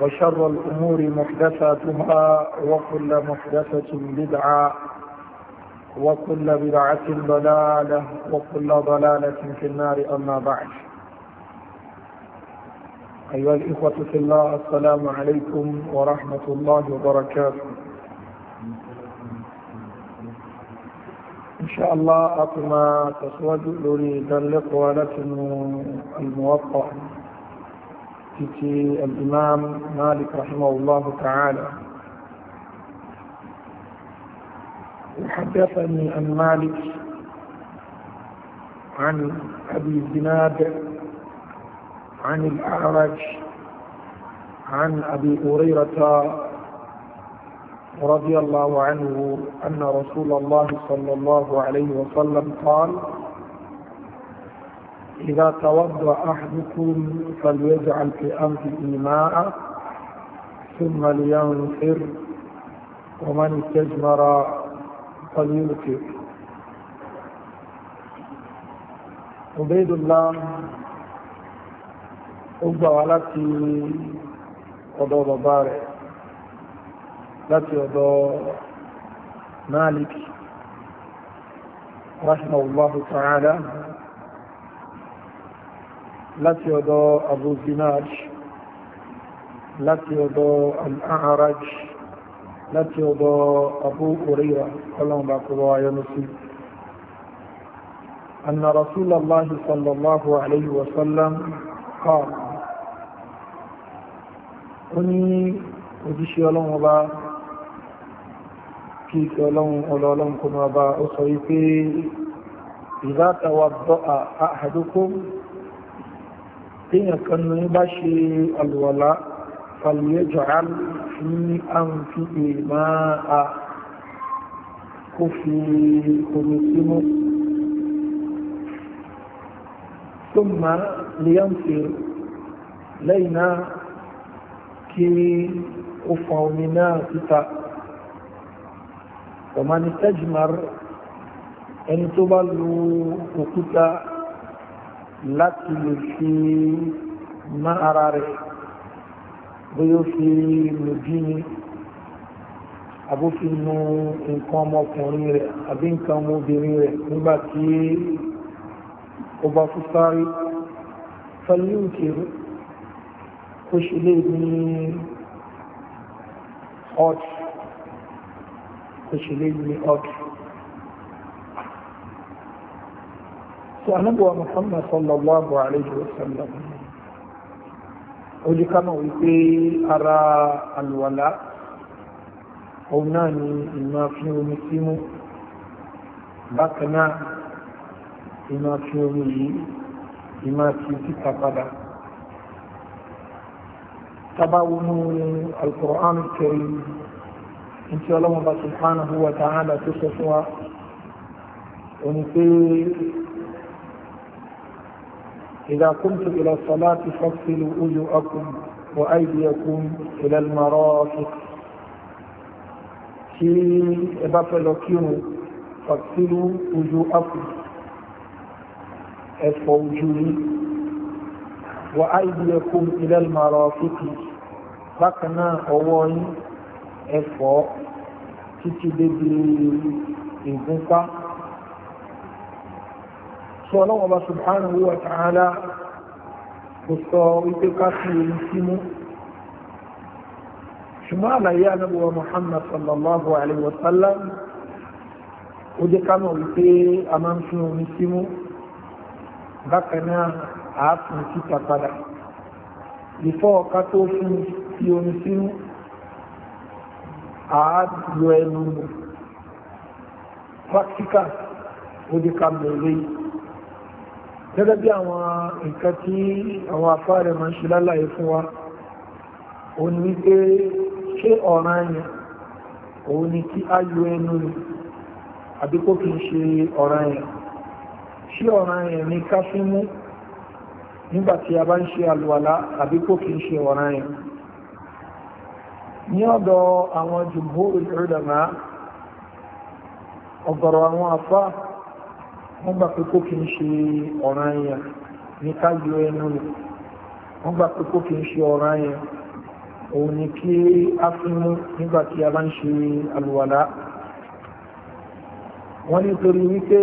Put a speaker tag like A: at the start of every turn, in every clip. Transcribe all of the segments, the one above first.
A: وشر الأمور محدثاتها وكل محدثة بدعة وكل بدعة ضلالة وكل ضلالة في النار أما بعد أيها الإخوة في الله السلام عليكم ورحمة الله وبركاته إن شاء الله أقم تسود لوري ذلك ولكن الموقع في الإمام مالك رحمه الله تعالى وحدثني عن مالك عن أبي الزناد عن الأعرج عن أبي هريرة رضي الله عنه أن رسول الله صلى الله عليه وسلم قال إذا توضأ أحدكم فليجعل في أنفه ماء ثم لينفر ومن استجمر فليبكر عبيد الله أبدأ ولكي ọ̀dọ̀ بارئ لكي láti مالك رحمه الله تعالى láti ọ̀dọ̀ Abu Zinaj láti ọ̀dọ̀ Al-A'raj láti ọ̀dọ̀ Abu Hurairah ọlọ́mbà kọwọ́ ayọ́nusí أن رسول الله صلى الله عليه وسلم قال أني أجيش يلوم أبا كيك يلوم أولولمكم أبا أصيفي إذا توضأ أحدكم téèyàn kan ní bá ṣe àlùwàlá falyaj'al fi anfihi ma'a kó fi omi sínú ثم لينفر لينا كي أفعمنا ستا ومن استجمر أن تبلو وكتا láti lè fi má ara rẹ̀ bóyá ó fi lòdì ni àbó fi nu nǹkan ọmọkùnrin rẹ̀ àbí nǹkan ọmọbìnrin rẹ̀ nígbà tí ó bá tún sáré pẹ̀lú ìkèrè ó ṣe lè ní ọ̀tún ó ṣe lè ní ọ̀tún tí anábọ̀ Muhammad sallallahu alayhi wa sallam ojú kánà wípé ara alwala òun náà ni ìmọ̀ fi omi sí mú bákan náà ìmọ̀ fi omi yìí ìmọ̀ fi títà padà tabawunu alkur'an karim in ti ọlọ́mọba subhanahu wa ta'ala tó sọ fún wa òun pé إذا قمتم إلى الصلاة فاغسلوا وجوهكم وأيديكم إلى المرافق في بفلوكيو فاغسلوا وجوهكم ẹ̀fọ̀ ojú rí wà áìdíẹkùn ilẹ̀lmọ̀rọ̀ fíkì bákanáà ọwọ́ yí ẹ̀fọ̀ sọ ọlọ́wọ́n bá subhanahu wa ta'ala kò sọ wípé ká fi omi sí mú ṣùgbọ́n àlàyé anábọ̀wá muhammad sallallahu alayhi wa sallam ó jẹ́ ká mọ̀ wípé a máa ń fi omi sí mú bákan náà àátún síta padà ìfọ́ ọ̀ká tó fún sí omi sí mú àádùn ẹnu practical ó jẹ́ ká mọ̀ gẹ́gẹ́ bí àwọn nǹkan tí àwọn afá rẹ̀ máa ń ṣe lálàyé fún wa òun ni wípé ṣé ọ̀ràn yẹn òun ni kí á yọ ẹnu ni àbí kó kìí ṣe ọ̀ràn yẹn ṣé ọ̀ràn yẹn ni ká fi mú nígbà tí a bá ń ṣe àlùwàlá àbí kó kìí ṣe ọ̀ràn yẹn ní ọ̀dọ̀ àwọn jùmhur ulama ọ̀gọ̀rọ̀ àwọn afá wọ́n gbà pé kó kì í ṣe ọ̀ràn yẹn ní ká yọ ẹnu rẹ̀ wọ́n gbà pé kó kì í ṣe ọ̀ràn yẹn òun ni kí a fi mú nígbà tí a bá ń ṣe àlùwàlá wọ́n ní torí wípé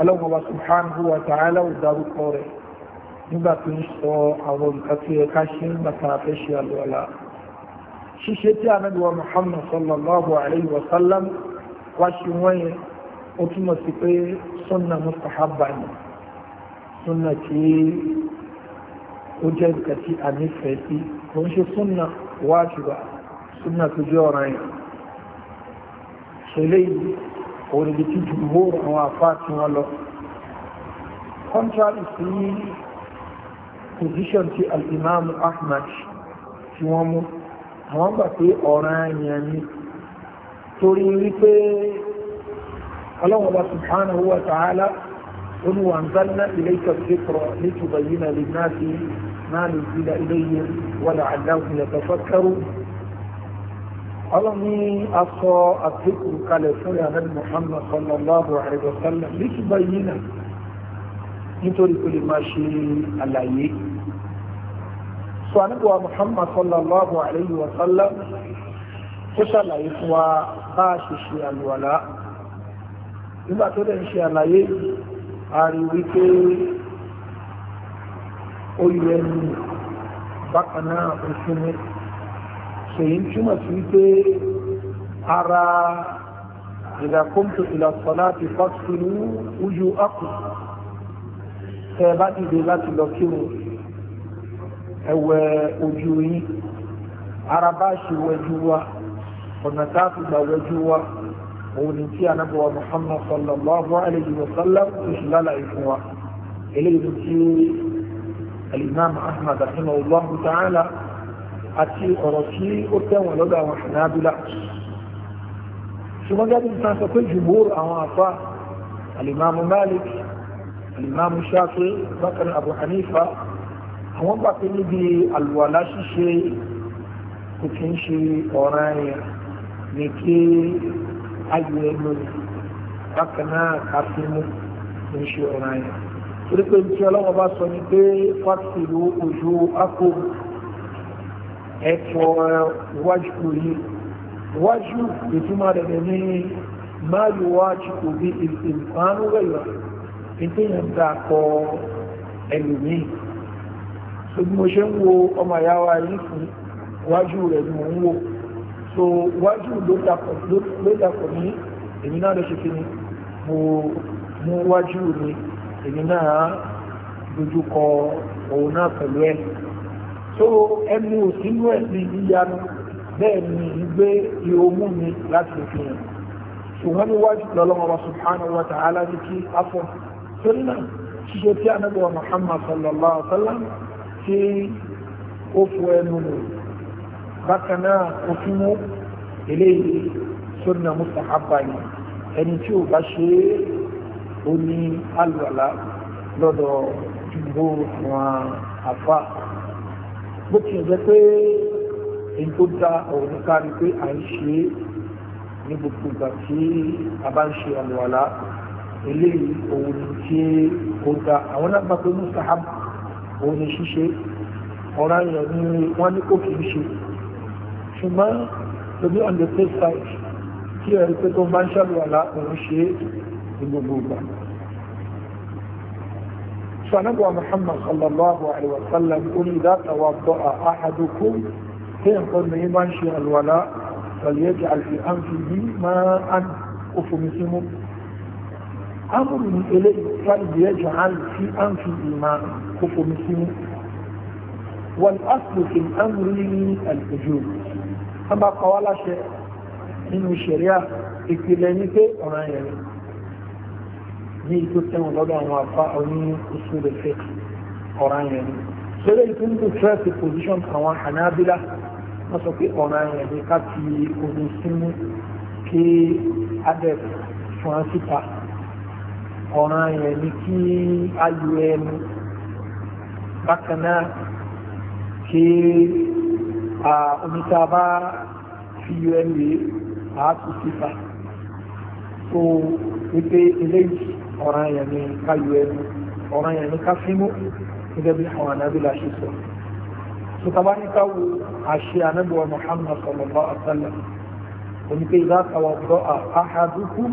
A: aláwọ̀bá subhanahu wa ta'ala ò dárúkọ rẹ̀ nígbà tí ń sọ àwọn nǹkan tí ká ṣe ń bàtà fẹ́ ṣe àlùwàlá ṣíṣe tí anábìwá Muhammad sallallahu alayhi wa sallam wá ṣe wọ́n yẹn ó túmọ̀ sí pé sunna mustahaba ni sunna tí ó jẹ́ nǹkan tí a nífẹ̀ẹ́ sí kò ń ṣe sunna wajiba sunna tó jẹ́ ọ̀ràn yẹn ṣẹlẹ̀ yìí òun ibi tí jùmọ̀ àwọn afá tí wọ́n lọ contrary sí position ti al-imam ahmad tí wọ́n mú àwọn gbà pé ọ̀ràn yẹn ni torí wípé قال الله سبحانه وتعالى قل وانزلنا إليك الذكر لتبين للناس ما نزل إليهم ولعلهم يتفكروا ألمي أصى الذكر قال يا محمد صلى الله عليه وسلم لتبين نتوري كل ما شيء الله سواندوا محمد صلى الله عليه وسلم فسأل إخوة باشي الولاء nígbà tó dẹ̀ ń ṣe àlàyé a rí wípé ó yẹ ẹnu bákan náà òfin mi ṣèyí túmọ̀ sí wípé ara إذا قمت إلى الصلاة فاغسلوا وجوهكم tẹ́ẹ̀báti dé láti lọ kí o ẹ̀wẹ̀ ojú yín ara bá ṣe wẹjú wa ọ̀nà tá gbà wẹjú wa òun ni tí anábọ̀wá Muhammad sallallahu alayhi wa sallam tó ṣe lálàyé fún wa eléyìí tí alimam Ahmad rahimahullahu ta'ala àti ọ̀rọ̀ tí ó tẹ̀wọ̀n lọ́dọ̀ àwọn Hanabila ṣùgbọ́n gẹ́gẹ́ bí sáńsọ pé jùmúr àwọn àfa alimamu Malik alimamu Shafi bákan Abu Hanifa àwọn gbà níbi àlùwàlá ṣíṣe kò kí ń ṣe ọ̀ràn yẹn ní kí ayò ẹnu bákan náà káfí mú ní ṣe ọ̀ràn yẹn torí pé ní tí ọlọ́wọ́ bá sọ ni pé fásitì ojú akó ẹ̀fọ́ wájú kò yí wájú ìtumọ̀ rẹ̀ ní máa yọ wájú kò bí ìfàánú wẹ̀yọ̀ ìdíyàn dà kọ ẹlòmíì ṣùgbọ́n mo ṣe ń wo ọmọ ìyá wa yìí fún wájú rẹ̀ ni mò ń wò so wájú ló dàpọ̀ ní èmi náà lọ ṣe kí ni mo mú wájú mi èmi náà dojú kọ òun náà pẹ̀lú ẹ̀ so ẹnu òsínú ẹ̀ ní yíyanu bẹ́ẹ̀ ni ìgbé ìhòmú mi láti fi hàn ṣùgbọ́n ní wájú lọ́lọ́wọ́ subhanahu wa ta'ala ní kí afọ́ torí náà ṣíṣe tí anábọ̀ Muhammad sallallahu alaihi wa sallam tí ó fọ ẹnu nù bákan náà ó tún mú eléyìí sunna mustahaba yìí ẹni tí ò bá ṣe é ó ní alùwàlá lọ́dọ̀ jùmbó àwọn àfa bó ti jẹ́ pé èyí tó dá ọ̀rọ̀ kárí pé à ń ṣe é ní gbogbo ìgbà tí a bá ń ṣe àlùwàlá eléyìí òun ni tí ó dá àwọn náà gbà pé òun ni ṣíṣe ọ̀ranyàn ni wọ́n ní kò kì ṣe ṣùgbọ́n lóbi on the safe side kí ẹ̀rí pé tó bá ń ṣàlùwàlá òun ṣe é gbogbo ìgbà فنبوى محمد صلى الله عليه وسلم قل إذا توضأ أحدكم فينقل من يمشي الولاء فليجعل في أنفه ماء أفمسمه أمر إليه فليجعل في أنفه ماء أفمسمه والأصل في الأمر الوجوب wọ́n bá kọ́ wá láṣẹ nínú ṣẹ̀ríà ìpìlẹ̀ ní pé ọ̀ràn yẹn ni ní ìtò tẹ̀wọ̀n lọ́dọ̀ àwọn afá oní oṣù rẹ̀ fẹ́ ọ̀ràn yẹn ni sórí ìtún tó tẹ́ẹ̀sì pòsíṣọ̀n àwọn ànábílà wọ́n sọ pé ọ̀ràn yẹn ni ká ti omi sínú kí adẹ́f fún wa síta ọ̀ràn yẹn ni kí ayò ẹnu bákan náà kí omi tá a bá fi UNA àátú síta tó wípé eléyìí ọ̀ràn yẹn ní ká UNA ọ̀ràn yẹn ní ká fímú gẹ́gẹ́ bí àwọn anábìlà ṣe sọ. سكباني كو عشي نبوة محمد صلى الله عليه وسلم ونكي إذا توضأ أحدكم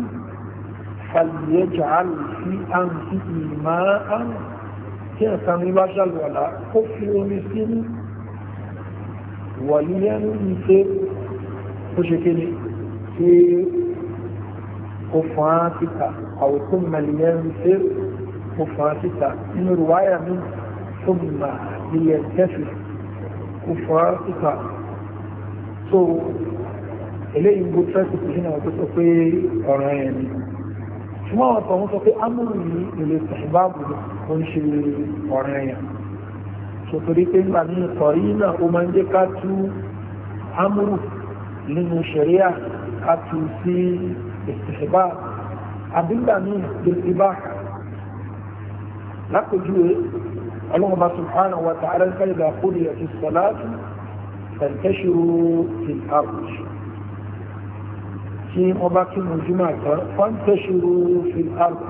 A: فليجعل في أنفه ماء كيف نباشل ولا كفر مسلم wàlíyàn ń pé ó ṣe kí ni tí ó fún án síta àwòtún màlíyàn pé ó fún án síta nínú rúwáyà mi tó mà nílẹ̀ tẹ́sì ó fún án síta so eléyìí gbogbo tẹ́sì kìí náà tó sọ pé ọ̀ràn ẹ̀ ni ṣùgbọ́n àwọn ọ̀tọ̀ wọn sọ pé amúrù yìí ìlẹ̀ tẹ̀síbáàbù ló ń ṣe ọ̀ràn ẹ̀yàn sòtòrí pé nígbà ní ìkọ̀rí náà ó máa ń jẹ́ ká tú amúrù nínú ṣẹ̀ríà ká tú sí ìsìnkú àbígbà ní ìsìnkú lápèjúwe ọlọ́run bá subhanahu wa ta'ala kálíbà kúrò ẹ̀sìn sọ̀láàtù tẹ̀ntẹ́ṣirò ti àrùjì tí wọ́n bá kí mú jùmọ̀ àtọ́ fọ́ntẹ́ṣirò fi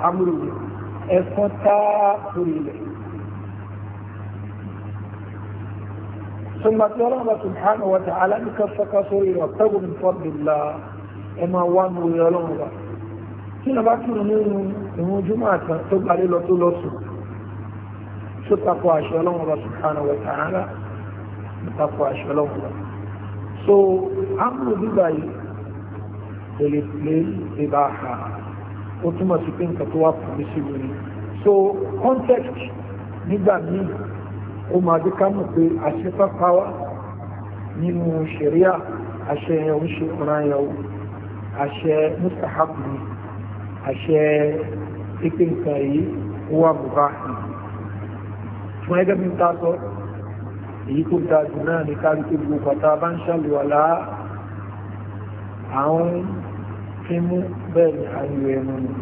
A: àmúrò ẹ̀fọ́n táà kúrò ilẹ̀ ثم ترى سبحانه وتعالى كفك صوري وابتغوا من فضل الله اما وانو يلوم كنا باكر نمو جمعة تبع ليلة تلوسو ستقوى شلوم الله سبحانه وتعالى تقوى شلوم الله so amru bibai ele play ibaha ó túmọ̀ sí pé nǹkan tó wà fún mi so context nígbà míì ó máa dé ká mọ̀ pé àṣẹ pápá wá nínú ṣẹ̀ríà àṣẹ ẹ̀hún ṣe ọ̀ràn ẹ̀hún àṣẹ mustahabu ni àṣẹ pípé nǹkan yìí ó wà bùbá fún ẹgbẹ́ mi ta sọ èyí tó ga jù náà ní kárí tó gbogbo pàtà bá ń ṣàlùwàlá àwọn fíìmù bẹ́ẹ̀ ni àyù ẹ̀mù ni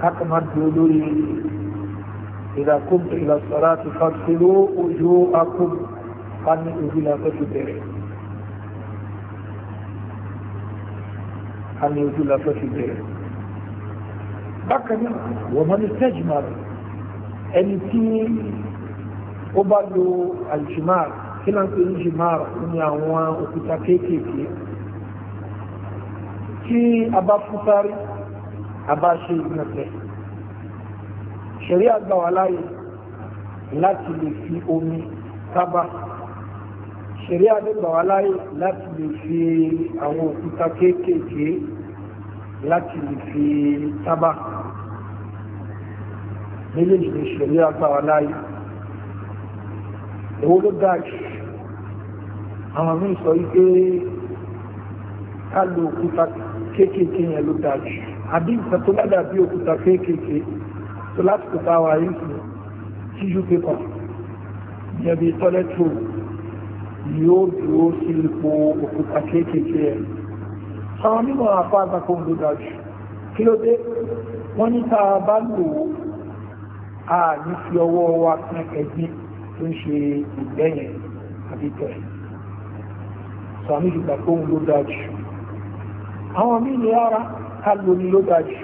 A: ká kàn má dúró lórí إذا قمت إلى الصلاة فاغسلوا وجوهكم قد أزيل فتبرئ أن يزيل فتبرئ بكنا ومن استجمر أن في أبلو الجمار كلا في الجمار من يعوان وكتاكيكي كي أبا فطاري أبا شيء نفسه ṣẹ̀rí àgbà wà láyé láti lè fi omi tábà ṣẹ̀rí àdẹ́gbà wà láyé láti lè fi àwọn òkúta kéékèèké láti lè fi tábà méjèèjì ní ṣẹ̀rí àgbà wà láyé èwo ló dájú àwọn míì sọ wípé ká lo òkúta kéékèèké yẹn ló dájú àbí ìtàn tó òkúta kéékèèké so lásìkò tá a wà yìí tíjú pépà jẹbi tọ́lẹ́tò yóò dúró sí ipò òkúta kéékèèké ẹ̀ sáwọn mímọ̀ àpá àgbàkọ̀ ń lóga jù kí ló dé wọ́n ní tá a bá lò ó a ní fi ọwọ́ wa kan ẹ̀gbin tó ń ṣe ìgbẹ́yẹn àbí tẹ̀ sàmì ìgbàkọ̀ ń lóga jù àwọn mímọ̀ ara ká lóni lóga jù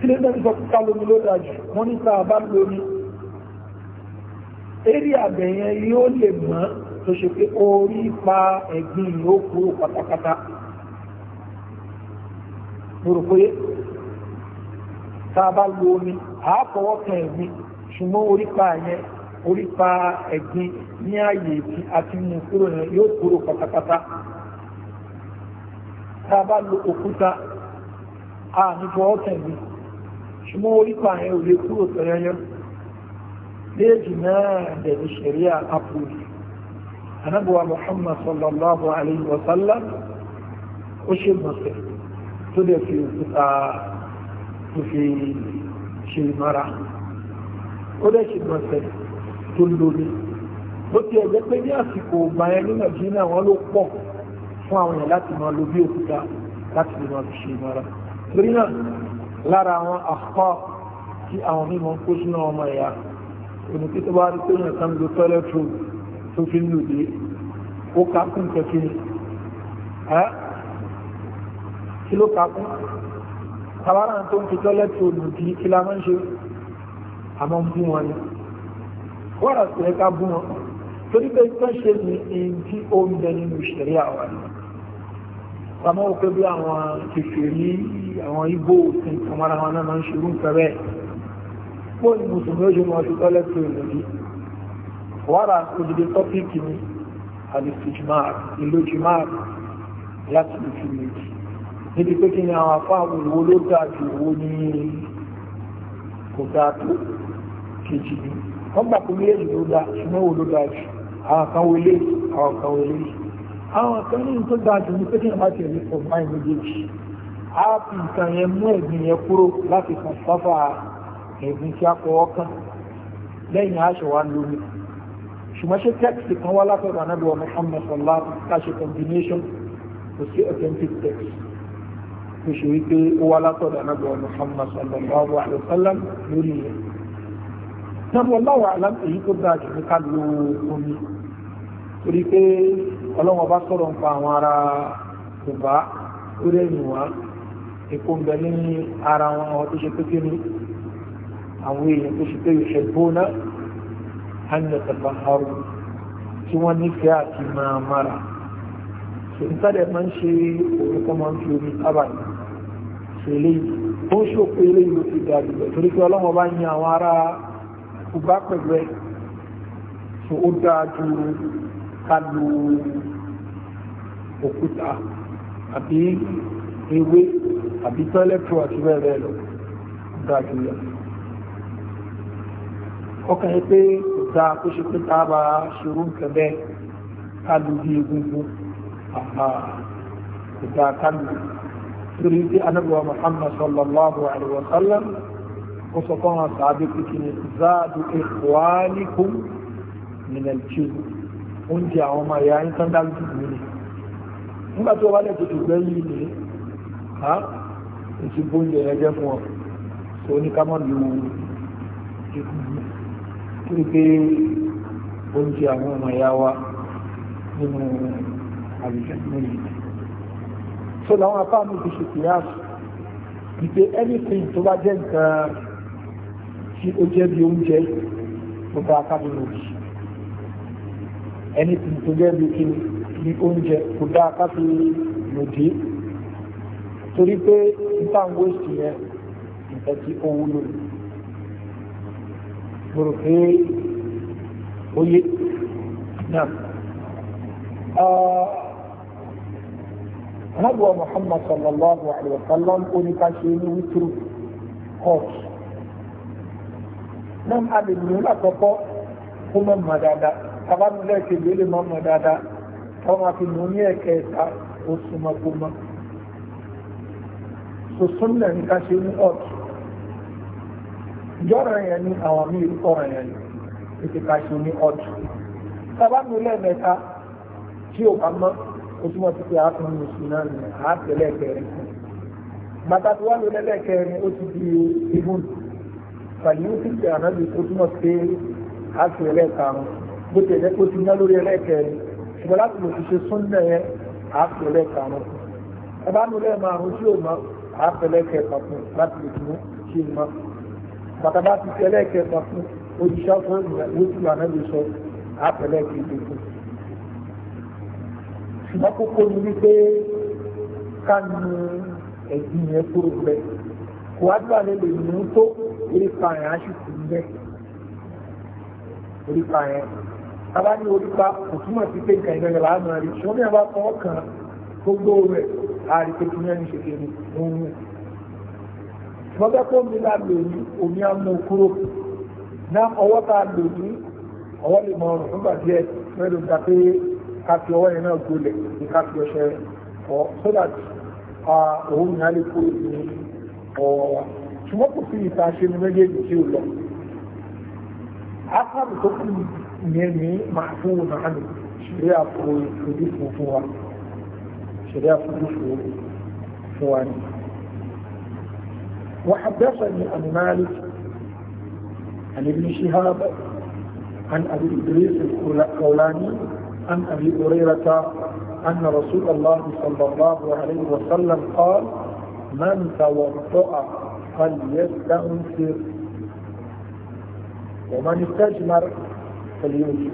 A: kí ló lomi sọ kíkà lómi ló dájú wọ́n ní sáà bá lómi eré àbẹ̀yẹn yóò lè mọ́ tó ṣe pé orí pa ẹ̀gbìn yóò kúrò pátápátá mo sáà bá lómi àáfọwọ́ kan ẹ̀gbìn ṣùgbọ́n orí pa yẹn orí pa ẹ̀gbìn ní ààyè a mú kúrò yẹn yóò kúrò ṣùgbọ́n orípa àyẹn ò lè kúrò tọ́yọ́yọ́ léèjì náà dẹ̀bi ṣẹ̀ríà àpòlì anábùwà Muhammad sallallahu alayhi wa sallam ó ṣe mọ̀sẹ̀ tó dẹ̀ fi òkúta tó fi ṣe ìmọ̀ra ó dẹ̀ ṣe mọ̀sẹ̀ tó lórí bó ti ẹ̀jẹ̀ pé ní àsìkò ọgbà yẹn ní Nàìjíríà wọn ló pọ̀ fún àwọn èèyàn láti máa lo bí òkúta láti lè máa fi ṣe ìmọ̀ra torí náà lára àwọn àkọ́ tí àwọn mímọ̀ ń kó sínú ọmọ ẹ̀yà òní tí tó bá rí tóyìn kan lo tọ́lẹ̀ tó tó fi ń lòdì ó ká kún kẹfì ni ẹ́ kí ló ká kún tàbára tó ń fi tọ́lẹ̀ tó lòdì kí la máa ń ṣe àmọ́ bú wọn ni wọ́n rà sí ẹ̀ka bú wọn torí pé tó ṣe ní èyí tí ó ń bẹ nínú ìṣẹ̀rí àwọn àná pàmọ́ òpé bí àwọn kìkìrì ní àwọn igbó òfin kamara wọn náà ń ṣerú nǹkan bẹ́ẹ̀ pọ́ ní mùsùlùmí ó ṣe mọ́ ọdún tọ́lẹ̀ tó ìlòdì wàrà òdìdí tọ́pìkì ni alìsìjìmáà ìlòjìmáà láti ìfì méjì níbi pé kí ni àwọn afá àwọn ìwò ló dáa ju owó ní kò dáa tó kejì ni wọ́n gbà pé méjì ló dáa ṣùgbọ́n wo ló dáa jù àwọn kan wọlé àwọn kan wọlé yìí àwọn kan ní tó dáa jù ní pé kí n bá tẹ̀lé pọ̀ máa ń méjèèjì á fi nǹkan yẹn mú ẹ̀gbìn yẹn kúrò láti kàn sáfà ẹ̀gbìn tí a kọ ọkàn lẹ́yìn aṣọ wa lórí ṣùgbọ́n ṣe text kan wá látọ̀dọ̀ anábìwọ̀ Muhammad sallallahu ká ṣe combination kò sí authentic text kò ṣe wípé ó wá látọ̀dọ̀ anábìwọ̀ Muhammad sallallahu alaihi wasallam lórí yẹn. Náà wọ́n láwọ̀ àlám èyí tó dáa jù ní ká lo omi torí pé ọlọ́wọ́n bá sọ̀rọ̀ nípa àwọn ará Yorùbá ó lè nù wá èkó ń bẹ ní ara wọn àwọn tó ṣe pété ní àwọn èèyàn tó ṣe pé ìṣe bóná hanyataba haru tí wọ́n nífẹ̀ẹ́ àti máa mara ṣèǹtàdẹ̀ máa ń ṣe orúkọ máa ń fi omi tábà ní ṣẹlẹ̀ ó ń ṣòpé eléyìí ló ti dàbí lọ torí pé ọlọ́wọ́n bá yan àwọn ará Yorùbá pẹ̀lú ẹ̀ tó ó dáa ju ká lu òkúta àbí ewé àbí tọ́lẹ́tù àti bẹ́ẹ̀ lọ dájúlọ ọkàn yìí pé kò dáa kó ṣe pé tá a bá ṣerú nǹkan bẹ́ẹ̀ ká lu bí egungun àmà kò dáa torí pé anábìwá Muhammad sallallahu alaihi wa sallam ó sọ fún àwọn sàábé pé kí ni zaadu ikhwanikum min jinn oúnjẹ àwọn ọmọ ẹ̀yà ń tán dárú jùlọ ní nígbà tí wọ́n bá lẹ́kọ̀ọ́ tó gbẹ́ yìí ní ha èsì bóúnjẹ yẹn jẹ́ fún ọ tó ní ká mọ̀ lu ikú yìí kí ni pé oúnjẹ àwọn ọmọ ẹ̀yà wa nínú àlùjẹ́ yìí so làwọn apá mi fi ṣe kìláàsì wípé anything tó bá jẹ́ nǹkan tí ó jẹ́ bí oúnjẹ tó bá kábínú yìí anything tó jẹ́ bí kíni bí oúnjẹ kò dáa ká fi lòdì torí pé nǹkan wéṣì yẹn nǹkan tí ó wúlò mo rò pé ó yé náà. Anábùwà ah, Muhammad sallallahu alaihi wa sallam ó ní ká ṣe ní wítírù kọ́ọ̀tù. Náà a lè nù lákọ̀ọ́kọ́ kó mọ̀ mọ̀ dáadáa tabanulẹ̀ kejì ó lè máa mọ̀ dáadáa táwọn máa fi nù ní ẹ̀kẹta oṣù mọ́gbọ́mọ́ sọ̀sọ́ nílẹ̀ nǹkan ṣe ní ọ̀tún jọ́rọ̀ yẹn ní àwọn míì kọ́rọ̀ yẹn ní ètò ká ṣe ní ọ̀tún tabanulẹ̀ mẹ́ta tí ò bá mọ́ ó túmọ̀ sí pé àákùnrin mùsùlùmí náà ní àátẹ̀lẹ̀ kẹrin bàtà tó wà lólẹ́lẹ̀ kẹrin ó ti di ibùn pẹ̀lú títí ànábì ó túmọ̀ sí àátẹ̀lẹ̀ karùn bó tẹ̀lé kó ti ná lórí ẹlẹ́kẹ̀ẹ́rin ṣùgbọ́n láti lò ti ṣe súnnà yẹn àpẹẹlẹ kàánú ẹ bá nu lẹ́ẹ̀ márùn tí ò mọ àpẹẹlẹ kẹfà fún láti lè tún ṣe mọ bàtà bá ti tẹ̀lé kẹfà fún òṣìṣẹ́ fún ìyàwó tí wà náà lè sọ àpẹẹlẹ kẹfà fún ṣùgbọ́n kókó ni wípé ká nu ẹ̀gbìn yẹn kúrò bẹ́ẹ̀ kò wá dúrà lè lè mú tó orí pa àyàn á sì orí pa àyàn abá ní orípa kò túmọ̀ sí pé nǹkan ìrẹ̀lẹ̀ là á máa rí ṣùgbọ́n bí wọ́n bá fọwọ́ kan gbogbo rẹ̀ á rí pé kí wọ́n ní ṣe kéré òun rẹ̀. wọ́n fẹ́ kó mi láàbò ní omi amú kúrò náà ọwọ́ tá a lò ní ọwọ́ lè mọ ọrùn nígbà díẹ̀ mẹ́rin gba pé ká fi ọwọ́ yẹn náà gbolẹ̀ ní ká fi ọṣẹ ọ so that òun yẹn á lè kúrò ní ọwọ́ wa ṣùgbọ́n kò sí ìta ṣe ní méjèèjì tí ò lọ. مني محفوظ عنه شريعة حديث فوق شريعة حديث فوق وحدثني عن مالك عن ابن شهاب عن ابي ادريس الخولاني عن ابي هريره ان رسول الله صلى الله عليه وسلم قال من توضا فليستنفر ومن استجمر pẹ̀lú yóò ṣe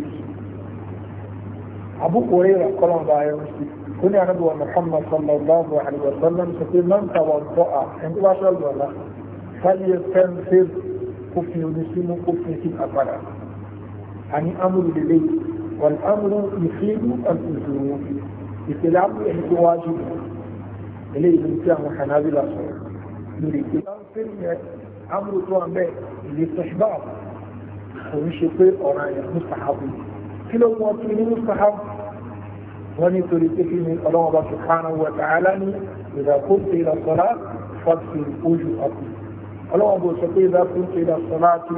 A: àbúkù rẹ̀ rà kọ́lọ́n bá yọ sí ó ní anábì wa muhammad sallallahu alaihi wa sallam sọ pé máa ń ta wọn bọ́ à ẹni wá sọ lọ́la sáyé fẹ́ǹfẹ́ kófin onísímú kófin sí àpàdà àní amúlù lélẹ̀ wọn amúlù ìfìlú àti ìṣòro ìpìlẹ̀ amúlù ẹni tó wájú eléyìí ní tí àwọn hanabila sọ̀rọ̀ lórí ìpìlẹ̀ amúlù tó wà bẹ́ẹ̀ ìlẹ̀ tẹ̀síbáàbù òun ṣe pé ọ̀ràn yẹn mustahabu kí ló mú ọtí ní mustahabu wọ́n ní torí pé kí ni ọlọ́wọ́ bá subhanahu wa ta'ala ní ìdàkó ṣe ìdàsọ́lá fọ́ọ̀tì ojú ọkùn ọlọ́wọ́ bó sọ pé ìdàkó ṣe ìdàsọ́lá ti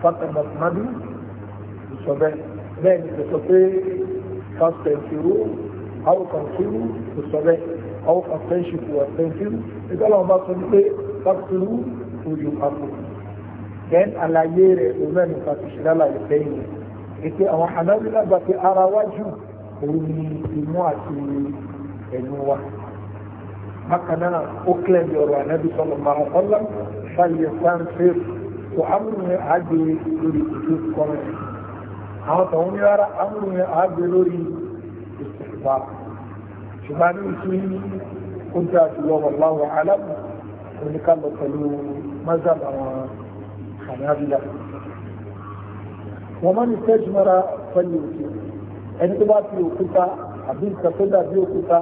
A: fọ́tàmọ́tàmọ́dún ìsọ̀bẹ́ bẹ́ẹ̀ ni sọ pé fọ́tẹ̀ǹfìrú àwòkànfìrú ìsọ̀bẹ́ àwòkànfẹ́ǹṣìkù ọ̀tẹ̀ǹfìrú ìgbàlọ́wọ́ bá sọ pé fọ́tìrú ojú ọkùn then àlàyé rẹ̀ òun náà nípa ti ṣe lálàyé sẹ́yìn ètò àwọn ànábìlà gbà pé ara wájú òun ni imú àti ẹnu wa bákan náà ó kílẹ̀ ní ọ̀rọ̀ ànábì sọ̀rọ̀ màá ọ̀lá fàyè sáńsì tó amúnú àgbè lórí ìdí kọ́rin àwọn tó ń ní ìsìn ó dáa jùlọ wàláwà oníkàlọ̀ pẹ̀lú mọ́sàbà wọn. Hanabila wọ́n máa ń tẹ́júmọ́ra pẹ̀lú òkè ẹni tó bá fi òkúta àbí nǹkan tó dàbí òkúta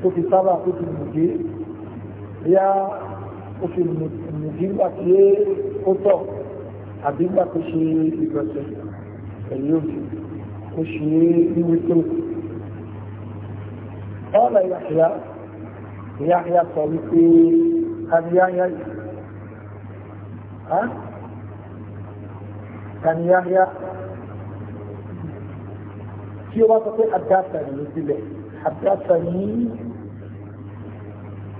A: tó fi sábà tó fi nùgé yá ó fi nùgé gbà tí ó tọ̀ àbí gbà tó ṣe ìgbọ̀nsẹ̀ pẹ̀lú òkè ó ṣe é ní wípé قال يحيى يحيى صديقي أن يحيى ها كان يحيى في وسط حدثني بالله حدثني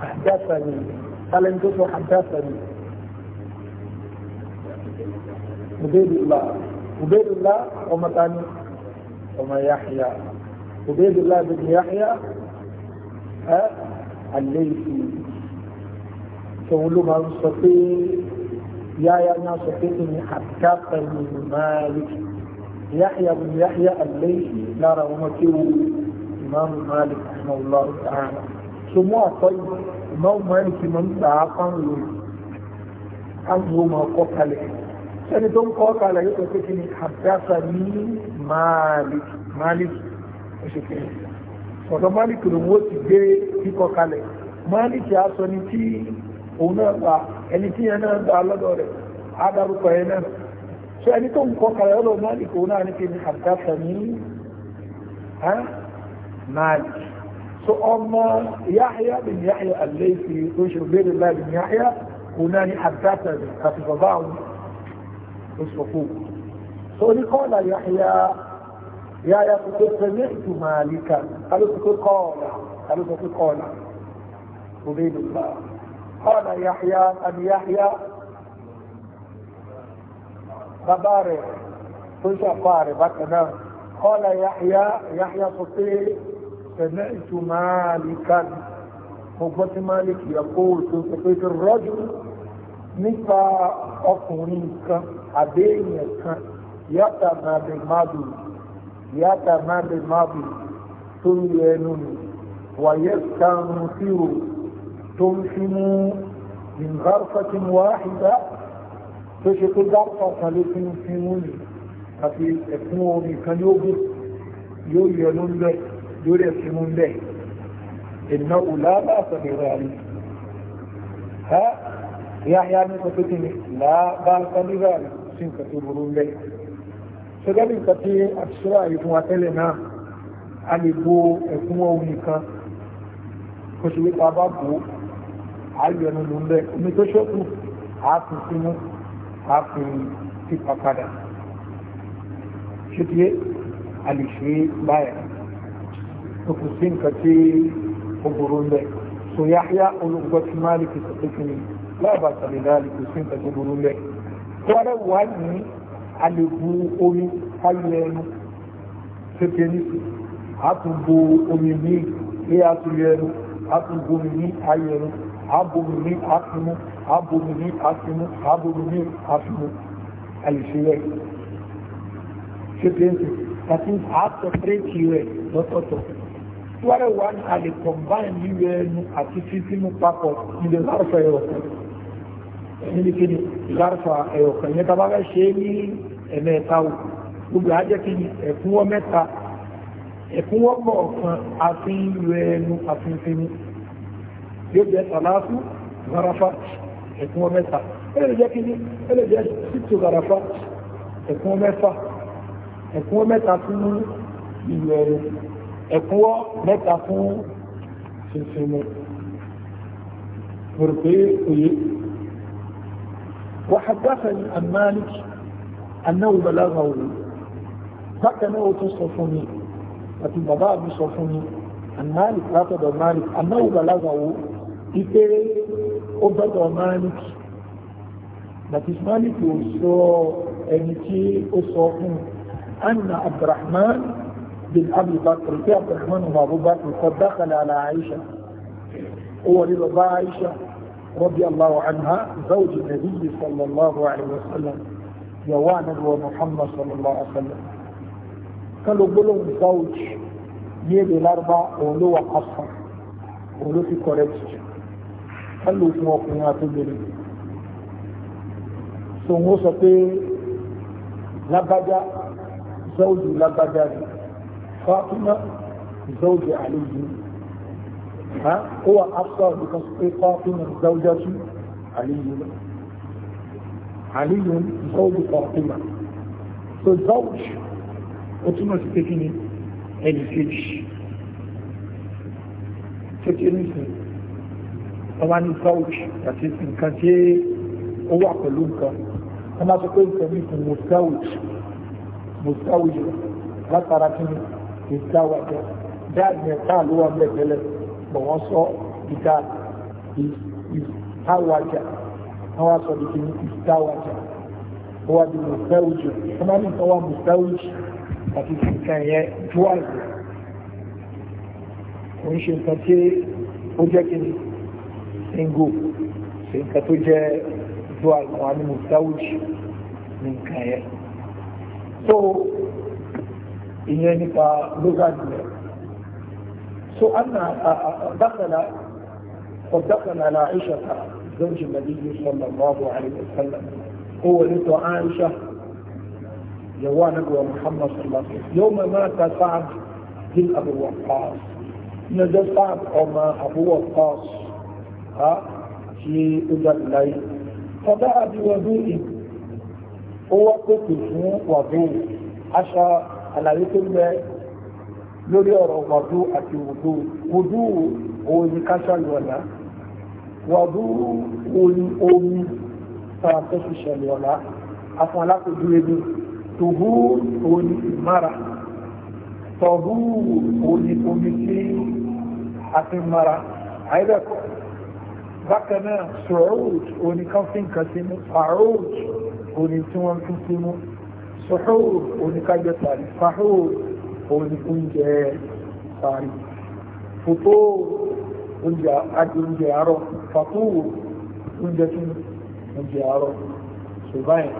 A: حدثني قال انتم حدثني عبيد الله عبيد الله وما ثاني وما يحيى عبيد الله بن يحيى الليثي فهو له ما يحيى بن صفيت حتى بن مالك يحيى بن يحيى الليثي لا رومته إمام مالك رحمه الله تعالى سموه طيب إمام مالك من تعاقم أنهما قتله sẹ́ni tó ń kọ́ kalẹ̀ yóò pẹ́ kí ni àbdáṣà ní Malik òṣèké ọ̀dọ̀ Malik ló ń wó ti gbé kíkọ́ kalẹ̀ Malik aṣọ ni tí òun náà gba ẹni tí yẹn náà gba lọ́dọ̀ rẹ̀ á dárúkọ yẹn náà so ẹni tó ń kọ́ kàrẹ́ ọlọ́ Malik òun náà ní kí ni àdáfẹ́ ní Malik so ọmọ Yahya bin Yahya al-Laythi tó ṣe òbéèrè láì bin Yahya òun náà ní àdáfẹ́ ní àti bàbá òun ó sọ fún un so ní kọ́ọ̀lá Yahya Yahya kò tó sẹ́mi ètò Malika káló kò tó kọ́ọ̀lá káló kò tó kọ́ọ̀lá òbéèrè láì. قال يحيى أن يحيى خباري تشا قاري بكنا قال يحيى يحيى قصير سمعت مالكا قبة مالك يقول تنتقيت الرجل نفا ọkùnrin kan àbẹ́yìn kan yàtà máa bẹ mábì yàtà máa bẹ تلفن من غرفة واحدة تشك الغرفة تلفن في مولي ففي اسمه كان يوجد يرينون به يرسمون به إنه لا بأس بذلك ها يحيى من فتنه لا بأس بذلك سنك تبرون به ṣẹlẹ́bí nǹkan tí àṣírà ìfún àtẹ́lẹ̀ náà a lè bo ayọ̀nù ló ń bẹ omi tó ṣókù àáfi sínú àáfi pípa padà ṣíkí a lè ṣe báyà tó kù sí nǹkan tí ó burú ń bẹ so yáyá olùgbọ́ tí máa lè fi sọ pé kìíní láàbà sàlẹ̀dá lè kù sí nǹkan tó burú ń tó wá dẹ́wọ̀ wá ní a lè bu omi káyọ̀ ẹnu tó kìíní àtúgbò omi ní ilé àtúyẹnu àtúgbò omi ní ayẹnu abomi afimu abomi afimu abomi afimu àlìṣirẹ ṣe pẹ́ẹ́sì àti àtọ̀pẹ́ẹ́tì rẹ̀ lọ́tọ̀ọ̀tọ̀ wọ́rẹ̀ wà ní alẹ́ combine wíwẹ̀ ẹnu àti fífínú papọ̀ nílẹ̀ lárúfà ẹ̀ọ̀kan níbi kí ni lárúfà ẹ̀ọ̀kan yẹn tàbá fẹ́ ṣe é ní ẹ̀mẹ́ta o gbogbo ajẹ́ kí ni ẹ̀kúnwọ́ mẹ́ta ẹ̀kúnwọ́ mọ̀ ọ̀kan àfihàn ẹnu àfihàn yóò jẹ́ tàlàfù garafa ẹ̀kún mẹ́ta ó lè jẹ́ kíní ó lè jẹ́ sítò garafa ẹ̀kún mẹ́fà ẹ̀kún mẹ́ta fún ìlú ẹ̀rọ ẹ̀kún mẹ́ta fún ṣinṣinmi mọ̀rùpé òye وحدثني عن مالك أنه بلغه bákan náà ó tún sọ fún mi àti bàbá mi sọ fún mi عن مالك látọ̀dọ̀ مالك أنه بلغه wípé ó gbọ́dọ̀ máàlìkì láti máàlìkì ò sọ ẹni tí ó sọ fún anna abdulrahman bin abubakar pé abdulrahman ọmọ abubakar kọ dákàlà àlà aisha ó wọlé lọ bá aisha رضي الله عنها زوج النبي صلى الله عليه وسلم يوانا ومحمد صلى الله عليه وسلم قالوا قلوا زوج يدي الأربع ولو قصر ولو في كوريتش kálù fún ọkùnrin àtòbìnrin so wọ́n sọ pé lágbájá zawju lágbájá ni Fatima zawju àlejò ha ó wà after because pé Fatima zawjatu àlejò àlejò zawju Fatima so zawj ó túmọ̀ sí pé kí ni ẹnì kejì wọ́n máa ní sáwùjì àti nǹkan tí ó wà pẹ̀lú nǹkan wọ́n máa sọ pé nǹkan ní fún mùsáwùjì mùsáwùjì látara kí ni ìsáwàjọ dáàbì mẹ́ta ló wà bẹ́ẹ̀ tẹ́lẹ̀ bọ̀ wọ́n sọ ìdá ìsáwàjà wọ́n wá sọ ìdí ní ìsáwàjà ó wà bí mùsáwùjì wọ́n máa ní nǹkan wà àti nǹkan yẹn dúwàjì kò ń ṣe nǹkan tí ó jẹ́ kí ni single ṣe nǹkan tó jẹ́ dual àwọn ni mustawij ní nǹkan yẹn so ìyẹn nípa lóga nìyẹn so anna dakala فدخل على عائشة زوج النبي صلى الله عليه وسلم هو لدى عائشة جوانب محمد صلى الله عليه وسلم يوم مات سعد بن أبو وقاص نجد صعب أما أبو وقاص ha tí ó jáde láyé tọ́dá àdíwọ̀dú ìlú ó wá pèpè fún wàdú aṣọ àlàyé tó ń bẹ lórí ọ̀rọ̀ wàdú àti wùdú wùdú òun ni káṣá lọ́la wàdú omi tàà tó fi ṣẹlẹ̀ ọ̀la afọ alákòjú ebi tòhú òun ni ìmára tọ̀hú òun ni omi tí a fi mara àìbẹ̀kọ̀ بقنا سعود وني كان فين كاسيمو فعود وني سوان كاسيمو سحور وني كان جتاري فحور وني كون جاء فاري فطور ونجا عدو نجا عرو فطور ونجا كون نجا عرو سبعين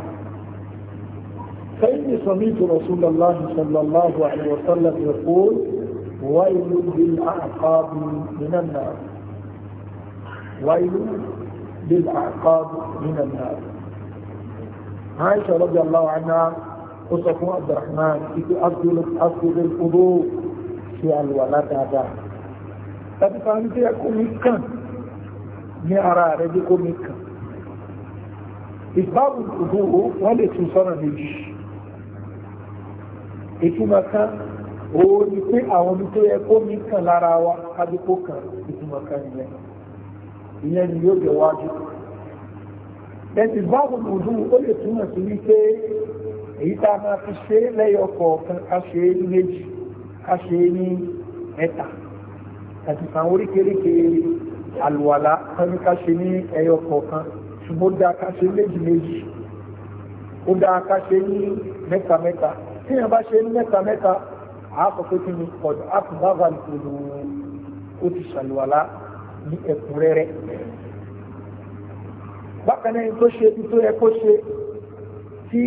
A: فإني سميت رسول الله صلى الله عليه وسلم يقول ويل بالأعقاب من النار ويل للأعقاب من النار عائشة رضي الله عنها أصف عبد الرحمن إذ أفضل أفضل الفضوء في الولاة هذا tàbí kan ní ẹkùn nìkan ní ara rẹ̀ bí kó nìkan ìbáwù ìdúró wọ́n lè tún sọ́nà méjì ìtumọ̀ kan òun ni pé àwọn omi tó yẹ kó nìkan lára wa kájú kó kan ìtumọ̀ kan nìyẹn ìyẹn ni yóò jẹ wájú ẹ̀sìn báwo ni òdu ó lè túmọ̀ sí wípé èyí tá a máa fi ṣe lẹ́yọ kọ̀ọ̀kan ká ṣe é ní méjì ká ṣe é ní mẹ́ta ẹ̀sìn kan oríkèéríkè àlùwàlá tán ká ṣe ní ẹyọ kọ̀ọ̀kan ṣùgbọ́n ó dáa ká ṣe méjì méjì ó dáa ká ṣe ní mẹ́ta mẹ́ta tí yẹn bá ṣe ní mẹ́ta mẹ́ta àá sọ pé kí ni ọ̀dọ̀ àtúbáwá ìpolówó ó ti ṣàlùwàlá ní ẹ̀kúnrẹ́rẹ́ bákan náà tó ṣe ibi tó yẹ kó ṣe tí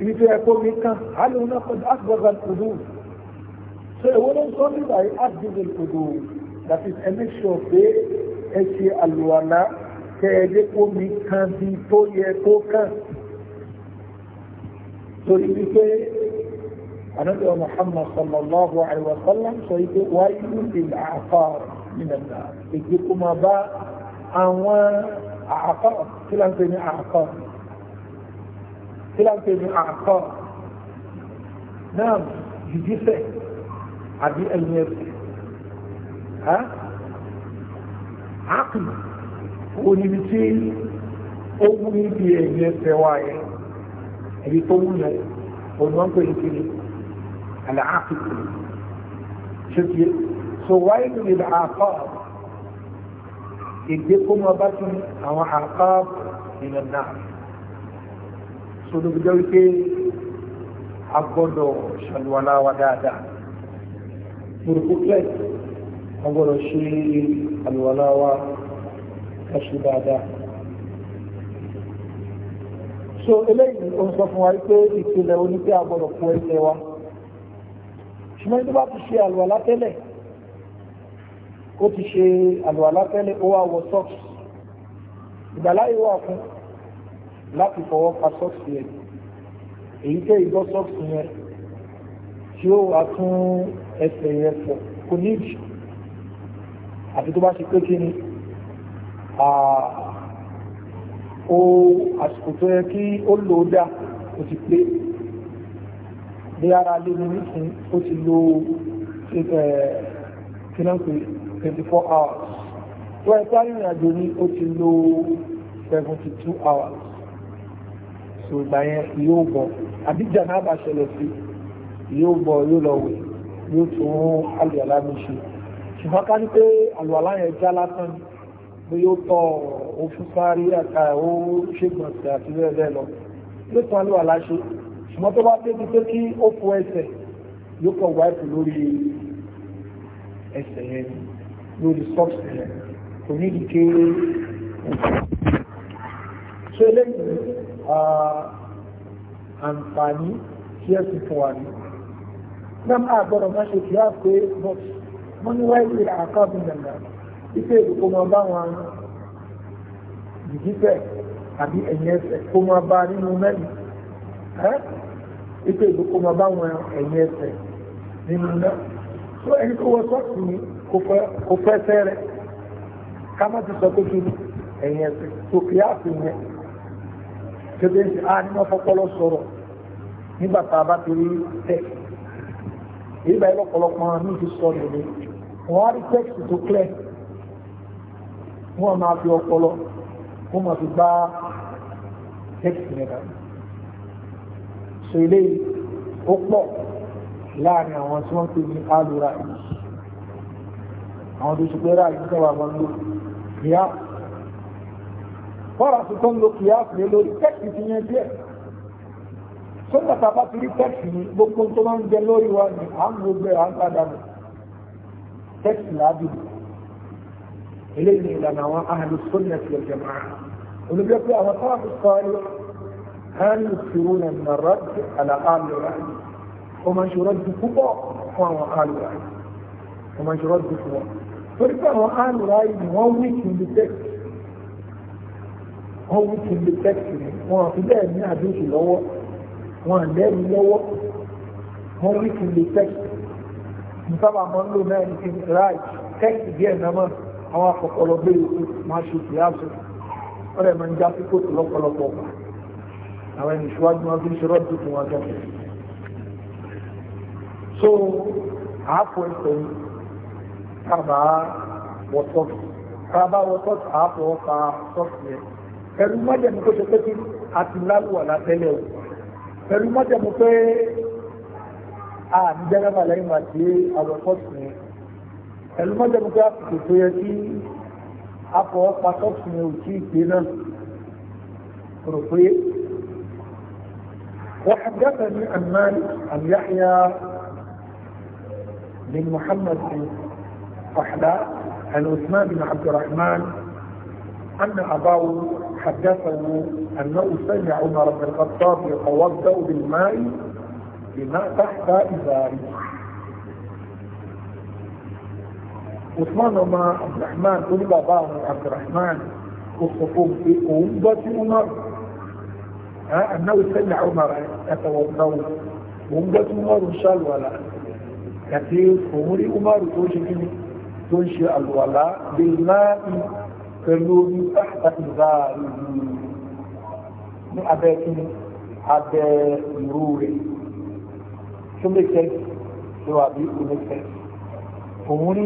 A: ibi tó yẹ kó mi kàn á lóun náà kọjú asbọ̀gàn odò so èwo ló ń sọ nígbà yìí asbọ̀gàn odò that is ẹ make sure pé ẹ ṣe àlùwàlá kẹ́ẹ̀dẹ́ kó mi kan bí tó yẹ kó kàn torí wípé ànábì Muhammad sallallahu alaihi wa sallam sọ wípé wáyé ní ìlà àfáà ìnàdà èdè kó máa bá àwọn àkọ́ kí là ń pè ní àkọ́ kí là ń pè ní àkọ́ náà jìjísẹ̀ àbí ẹ̀yìn ẹ̀sẹ̀ ápì oníbi tí ó wú níbi ẹ̀yìn ẹ̀sẹ̀ wa yẹn èyí tó wú yẹn òun wọn pè so why do we àkọ́ọ̀ èdè kó mọ bá tún àwọn àkọ́ọ̀ nínú náà so ló fi jẹ́ wípé a gbọ́dọ̀ ṣàlùwàlá wa dáadáa burúkú plẹ̀ a gbọ́dọ̀ ṣe àlùwàlá wa ẹ̀ṣù dáadáa so eléyìí ó ń sọ fún wa pé ìpìlẹ̀ oníkẹ́ a gbọ́dọ̀ kó ẹsẹ̀ wa ṣùgbọ́n tó bá ti ṣe àlùwàlá tẹ́lẹ̀ ó ti ṣe àlùwàlá tẹ́lẹ̀ ó wá wọ sọ́ọ̀sì ìgbàláyé wà fún láti fọwọ́ pa sọ́ọ̀sì yẹn èyí tẹ́ ìgbọ́ sọ́ọ̀sì yẹn tí ó wà fún ẹsẹ̀ yẹn pọ̀ kò ní jù àti tó bá ṣe pé kí ni ó àsìkò tó yẹ kí ó lò ó dá ó ti pé bí ara lé ní nísìn ó ti lo kí náà pè 24 hours tó ẹ parí ìrìn àjò ní ó ti lo 72 hours so ìgbà yẹn yóò bọ̀ àbí jànáàbà ṣẹlẹ̀ sí yóò bọ̀ yóò lọ wẹ̀ yóò tún àlùwàlá mi ṣe ṣùgbọ́n ká ní pé àlùwàlá yẹn já lásán ni pé yóò tọ̀ ó fún sáré àká ó ṣègbọ̀nsẹ̀ àti bẹ́ẹ̀ bẹ́ẹ̀ lọ yóò tún àlùwàlá ṣe ṣùgbọ́n tó bá débi pé kí ó fọ ẹsẹ̀ yóò kọ̀ wáìpù lórí ẹsẹ̀ yẹn ni lórí sọ́ọ̀sì rẹ̀ kò ní di ké ṣe lẹ́yìn àǹfààní tí ẹ̀sìn fún wa ní. Nam a gbọ́dọ̀ máa ṣe kí á pé bọ́t wọ́n ní wáyé ìlà àkáàbù nàìjíríà ipe ìdòkó máa bá wọn jìgísẹ̀ àbí ẹ̀yìn ẹsẹ̀ kó máa bá nínú mẹ́rin ipe ìdòkó máa bá wọn ẹ̀yìn ẹsẹ̀ nínú náà. Tó ẹni tó wọ sọ́ọ̀sì ni kò fẹ́ fẹ́rẹ̀ ká má ti sọ pé kí ni ẹ̀yìn ẹ̀sìn tó fi yẹn ṣe á ní wọ́n fọ́pọ́lọ́ sọ̀rọ̀ nígbà tá a bá ti rí tẹ̀ lọ́pọ̀lọpọ̀ ní sọ nìyẹn wọ́n á rí tẹ́kìtì tó clear wọ́n máa fi ọpọlọ wọ́n máa fi gbá tẹ́kìtì yẹn ó pọ̀ àwọn tó ṣe pé ráàyè ń tẹ́wà wọn lò kìá fọ́ra tuntun lo kìá lé lórí tẹ́kì ti yẹn díẹ̀ sọ́dọ̀ tàbá ti rí tẹ́kì ní gbogbo tó máa ń jẹ lórí wa ni à ń gbogbo tẹ́kì lábìlì eléyìí ìlànà àwọn ahàlù sọ́nà ti ọ̀jẹ̀ máa olùgbé pé àwọn tó wà fi sọ ọ́ كانوا يكثرون من الرد على آل الرأي ومن يرد torí pé àwọn àrùrá ìlú wọ́n wí kì í lè tẹ́kì wọ́n wí kì í lè tẹ́kì ni wọ́n àfi bẹ́ẹ̀ ní àdéhùn lọ́wọ́ wọ́n àlẹ́rìí lọ́wọ́ wọ́n wí kì í lè tẹ́kì nígbàbà máa ń lò náà ní kí ráì tẹ́kì díẹ̀ náà mọ́ àwọn akọ̀kọ̀lọ̀ gbé yòókù máa ṣe ìyáàsù wọ́n lè máa ń já sí kóòtù lọ́pọ̀lọpọ̀ àwọn ẹni ìṣíwájú wọn fi ń ṣe rọ́ọ̀dù tí wọ́n jọ so àáfọ̀ ìṣẹ̀yìn kábà wọ sọ́ọ̀tù kábà wọ sọ́ọ̀tù àápọ̀ ọ̀fà sọ́ọ̀tù yẹn pẹ̀lú mọ́jẹ̀mú tó ṣe pé kí àti lálùwà látẹ́lẹ̀ o pẹ̀lú mọ́jẹ̀mú pé àmì jẹ́rẹ́bà lẹ́yìn àti àwọn sọ́ọ̀tù yẹn pẹ̀lú mọ́jẹ̀mú pé àsìkò tó yẹ kí àpọ̀ ọ̀fà sọ́ọ̀tù yẹn ò tí ì gbé náà rò pé وحدثني عن مالك عن يحيى بن محمد بن أحلى عن عثمان بن عبد الرحمن أن أباه حدثه أنه سمع عمر بن الخطاب يتوضأ بالماء بما تحت إزاره عثمان وما عبد الرحمن قل باباه عبد الرحمن وصفوه في قوة عمر ها أنه سمع عمر يتوضأ قوة عمر إن شاء الله لا كثير أمور عمر توجه tó ń ṣe àlùwàlá lè máa ń pẹ̀lú orí pàtàkì báàrí ní abẹ́ kí ni abẹ́ ìró rẹ̀ tó lè tẹ́ tó àbí òní tẹ́ òun rí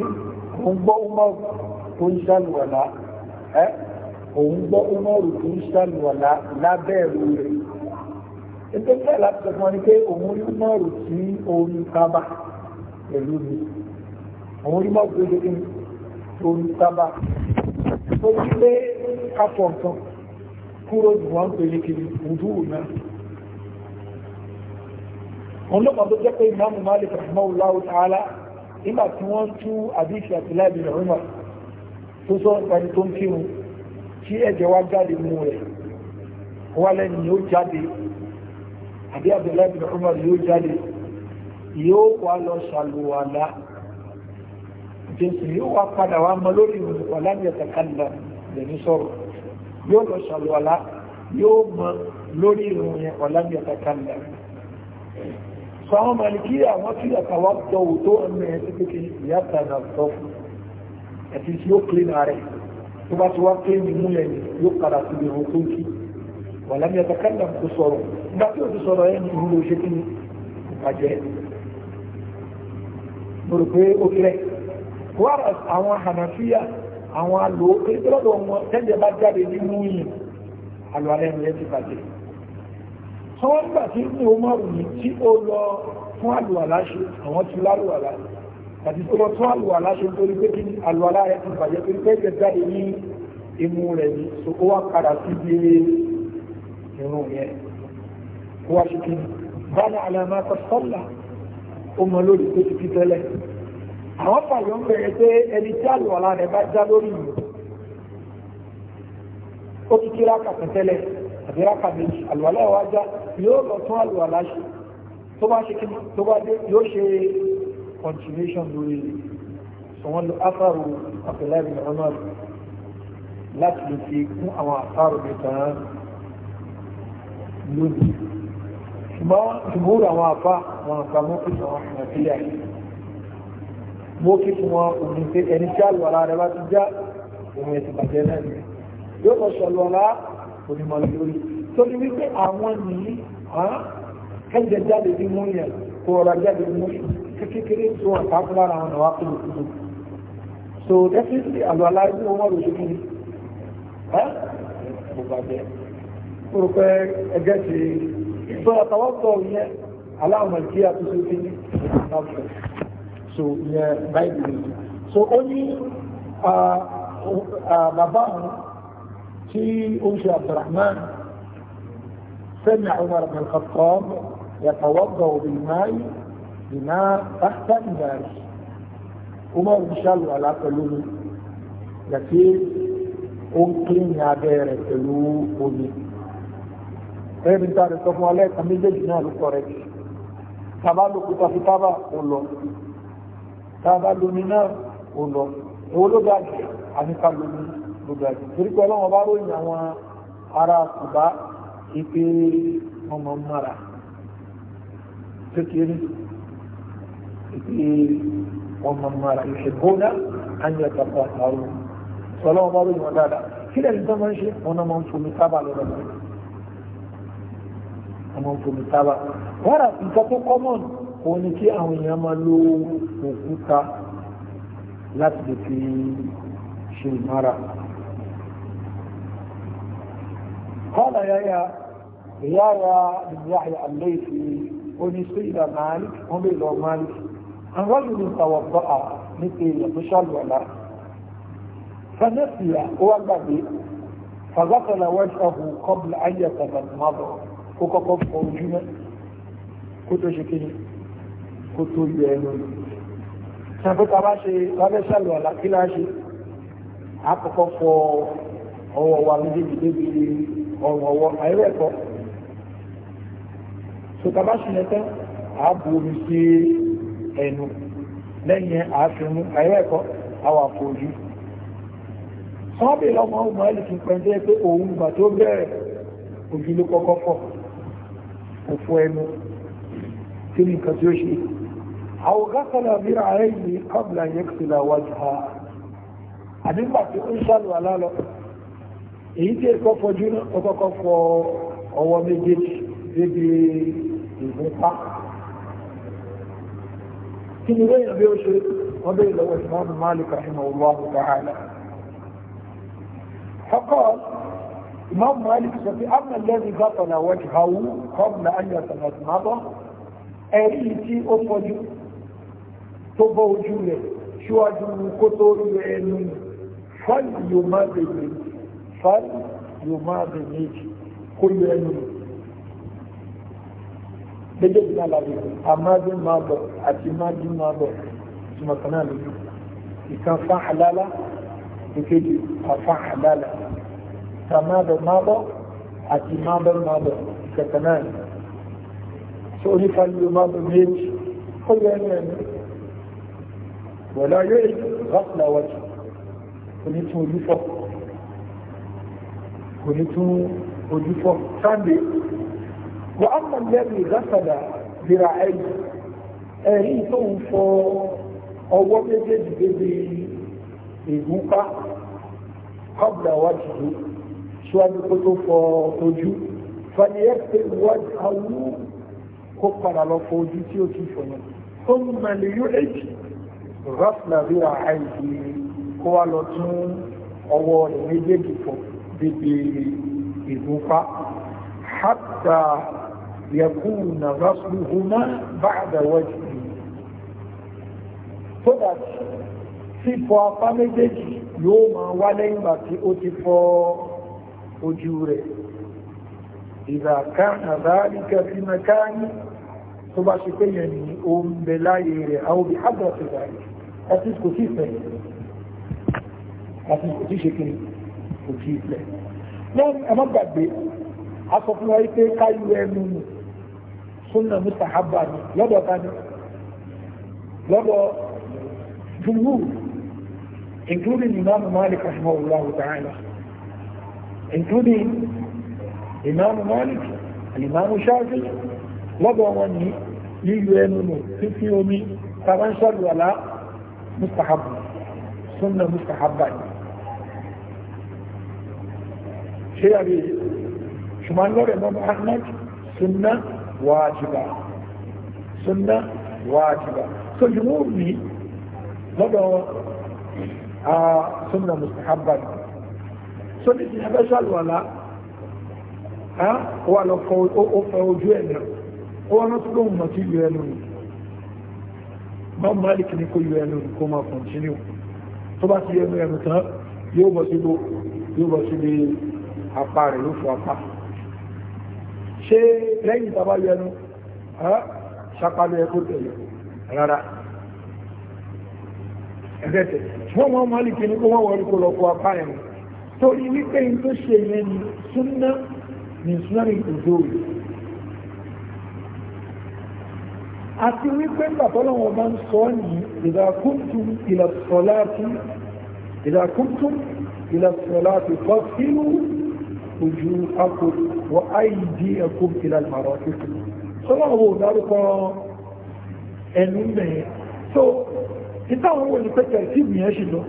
A: òun gbọ́ ọmọ tó ń ṣàlùwàlá ẹ́ òun gbọ́ ọmọ rẹ̀ tó ń ṣàlùwàlá lábẹ́ ìró rẹ̀ ẹgbẹ́ fẹ́ láti sọ fún ọ ní pé òun rí ọmọ rẹ̀ orin kábà pẹ̀lú mi àwọn onímọ̀ gbogbo ní orí tábà tó ti lé kápọ̀ nǹkan kúrò ní wọ́n pè ní kiri ojú náà wọn ló mọ̀ tó jẹ́ pé ìmáàmù Malik rahimahullahu ta'ala nígbà tí wọ́n tú àdìsí àtìláì bin Umar tó sọ ìpàdé tó ń kírun tí ẹ̀jẹ̀ wá jáde mú rẹ̀ wá lẹ́nu yóò jáde àbí àbẹ̀láì bin Umar yóò jáde yóò wá lọ ṣàlùwàlá jésù yóò wá padà wá mọ lórí ìròyìn ọ̀làmì ẹ̀tẹ̀kálà lẹ́ni sọ̀rọ̀ yóò lọ ṣàlùwàlá yóò mọ lórí ìròyìn ọ̀làmì ẹ̀tẹ̀kálà sọ àwọn màlìkíyà wọn kí àtàwà tọwò tó ọmọ ẹ̀ títí kí ìyáta náà tọ́ ẹ̀tí tí ó kílé náà rẹ̀ tó bá ti wá kílé ní múlẹ̀ ni yóò padà sí ìrò tó kí ọ̀làmì ẹ̀tẹ̀kálà kò sọ̀rọ̀ nígbà tí ó ti sọ̀rọ̀ ẹ̀ ní ìlú òṣèkí ni ìbàjẹ́ mo rò pé ó kílẹ̀ whereas àwọn hànàfíà àwọn alò kérésìlọ́dọ̀ wọn tẹ́jẹ̀ bá jáde nínú yìí alò alẹ́ ni ẹ ti bàjẹ́ tí wọ́n gbà tí ní o márùn ní tí ó lọ fún alò aláṣẹ àwọn ti lálò aláṣẹ àti tó lọ fún alò aláṣẹ nítorí pé kí ni alò aláṣẹ ti bàjẹ́ pé tẹ́jẹ̀ jáde ní imú rẹ̀ ní so ó wá padà sí bí irun yẹn ó wá ṣe kí ni bá ní alẹ́ máa kọ́ sọ́là ó mọ lórí pé ti fi tẹ́lẹ̀ àwọn fàyọ̀ ń bẹ̀rẹ̀ pé ẹni tí àlùwàlá rẹ̀ bá já lórí ìlú ó ti kíra kàtẹ́tẹ́lẹ̀ àbí ráka méjì àlùwàlá ẹ̀ wá já yóò lọ tún àlùwàlá ṣe tó bá ṣe tó bá dé yóò ṣe continuation lórí ìṣọ̀wọ́n lo afárò àpẹlẹ́rì ọ̀nà láti lè fi kún àwọn àfárò nìkan lónìí ṣùgbọ́n ìmúra àwọn afá àwọn àfàmọ́ pèsè àwọn àfihàn mo kí fún wọn òun pé ẹni tí àlùwàlá rẹ bá ti já òun ẹ̀sìn bàjẹ́ náà ni yóò lọ ṣọlọ́lá onímọ̀ lórí torí wípé àwọn nìyí kẹ́jẹ jáde bí mú yẹn kó ọ̀rọ̀ jáde mú kékeré tó wọn ká fún lára àwọn àwọn akọ̀lù kúrò so definitely àlùwàlá ibi wọn rò ṣókè ni mo bàjẹ́ mo rò pé ẹgẹ́ ti ìgbọ́n àtàwọn sọ yẹn aláwọn ìdí àtúnṣe ti ní ìgbà náà so ìyẹn báyìí so ó ní bàbá òun tí ó ń ṣe abdulrahman sẹ́mi umar ibn al-khattab يتوضأ بالماء بماء تحت النار عمر ان شاء الله لا تلوم لكن ممكن يا دير تلوم ẹ bí n ta rẹ sọ fún alẹ kan méjèèjì náà ló kọrẹ tí taba ló kuta fi taba ó tàbá lómi náà ò lọ owó ló ga jù àníkà lómi ló ga jù torí pé ọlọ́wọ́n bá ròyìn àwọn ará kùbá ìpè ọmọ mara kékeré ìpè ọmọ mara ìṣègbóná àyè àtàkọ àtàrò ọlọ́wọ́n bá ròyìn wọn dáadáa kí lẹ́yìn tó máa ń ṣe wọn náà máa ń fomi sábà lọ́dọ̀ wọn máa ń fomi sábà wọ́n rà nǹkan tó òun ni kí àwọn èèyàn máa lo òkúta láti lè fi ṣe ìmára kọ́nà yáyà ìyára ìyáyà àlẹ́fì oníṣẹ́ ìlà máàlì wọ́n lè lọ máàlì àwọn olùdó tàwọ̀ bọ́à وجهه قبل أن يتمضمض وكقف وجنة كتو شكيني kó tóbi ẹnu ṣàpẹta bá ṣe lábẹ́ ṣàlù àlàkílà ṣe àkọ́kọ́ fọ ọwọ́ wa méjèèjì débi ọrùn ọwọ́ àìrẹ́kọ́ ṣòkà bá ṣe yẹn tán àábò omi sí ẹnu lẹ́yìn àáfimú àìrẹ́kọ́ àwọn àpòjú sọ́ọ́bì lọ́mọ ọmọ ẹlìkì pẹ̀lú pé òun gbà tó bẹ̀rẹ̀ ojú kọ́kọ́ pọ̀ òfò ẹnu kí ni nǹkan tí ó ṣe أو غسل ذراعيه قبل أن يغسل وجهه àdínbà tí ó ń ṣàlùwàlá lọ èyí tí èkó fọjú náà ó kọ́kọ́ fọ ọwọ́ méjèèjì débi ìfúnpá kí ni lóyìn bí ó ṣe wọ́n bẹ́ẹ̀ lọ́wọ́ ìmáàmù Malik rahimahullah ta'ala فقال إمام مالك في أما الذي غسل وجهه قبل أن يتمضمض أريتي أفجر tó bọ́ ojú rẹ̀ ṣíwájú kó tó rí ẹnu fáìlì yóò má lè méjì fáìlì yóò má lè méjì kó rí ẹnu méjèèjì náà lálẹ́ àmájú máa bọ̀ àti májú máa bọ̀ ìtumọ̀ kan náà lójú ìkan fa àlálá ìkejì àfa àlálá méjì kó rí ẹnu ẹnu wọ̀lá yóò rọ́pùlà wọ́jú kò ní tún ojú fọ́ kò ní tún ojú fọ́ sáńdé wọ́n á mọ̀ lẹ́rù ìdásàdà bíra ẹ̀yìn ẹ̀rí tó ń fọ ọwọ́ méjèèjì bébè ìgúnpá rọ́pùlà wọ́jú síwájú kó tó fọ ojú fàníyẹ́pẹ̀ wọ́jú àwọn kó padà lọ fọ ojú tí ó ti fọ̀ yẹn tó ń mọ̀ lè yóò èjì rọ́pùlà bí i àìsí kó wá lọ tún ọwọ́ rẹ̀ méjèèjì fọ̀ bíbi ìgúnpá hátà yẹkùnà rọ́pùlù húnmá bá àdáwọ́jì so that fífọ̀ apá méjèèjì yóò máa wá lẹ́yìn ìgbà tí ó ti fọ̀ ojú rẹ̀ ìgbà kánà bá kẹfì mẹ́káánì tó bá ṣe pé yẹn ni ó láyé rẹ̀ àwọn òbí àgbà ti dáyé àti kò tí ì fẹ́ àti kò tí ì ṣe kí ni kò tí ì fẹ́. wọ́n ẹ má gbàgbé aṣọ fún wa pé káyọ ẹnu nù súnà mùsàhábà ni lọ́dọ̀ ta ni lọ́dọ̀ jùmù including Imam Malik rahimahullahu ta'ala including Imam Malik Imam Shafi lọ́dọ̀ wọn ni yíyọ ẹnu nù fífi omi tàbí ń ṣàlùwàlá mustahab sunna mustahabba ni ṣe àrí ṣùgbọ́n lọ́rẹ̀ mọ́ Muhammad sunna wájibà sunna wájibà so yìí wọ́n rí lọ́dọ̀ a sunna mustahabba ni so ní ti ẹgbẹ́ ṣàlùwàlá wà lọ fọ ojú ẹ̀ náà ó wọn lọ́tún lóhùn mọ̀ sí ìlú ẹnu yìí Imam Malik ní kó yọ ẹnu kó máa continue tó bá ti yọ ẹnu ẹnu tán yóò bọ́ síbò yóò bọ́ síbi apá rẹ̀ ló fọ apá ṣé lẹ́yìn tàbá yọ ẹnu ṣàpàlẹ̀ ẹ̀kọ́ tẹ̀lé rárá ẹ̀rẹ́tẹ̀ wọ́n mọ́ Malik ní kó wọ́n wọlé kó lọ fọ apá ẹ̀mù torí wípé ní tó ṣe yẹn ní súnná ní súnná ní àti wípé gbàtọ́lọ́wọ́ bá ń sọ ní ìdàkúntùm ìlàsọ̀láti fọ́sílù ojú akò wọ àìdí ẹkùn ìlàlmàrọ̀ títù sọ́lọ́wọ́ dárúkọ ẹnu mẹ́ẹ̀ so ìtàwọn wọ́n ni pẹ́kẹ̀ sí ìyẹn ṣì lọ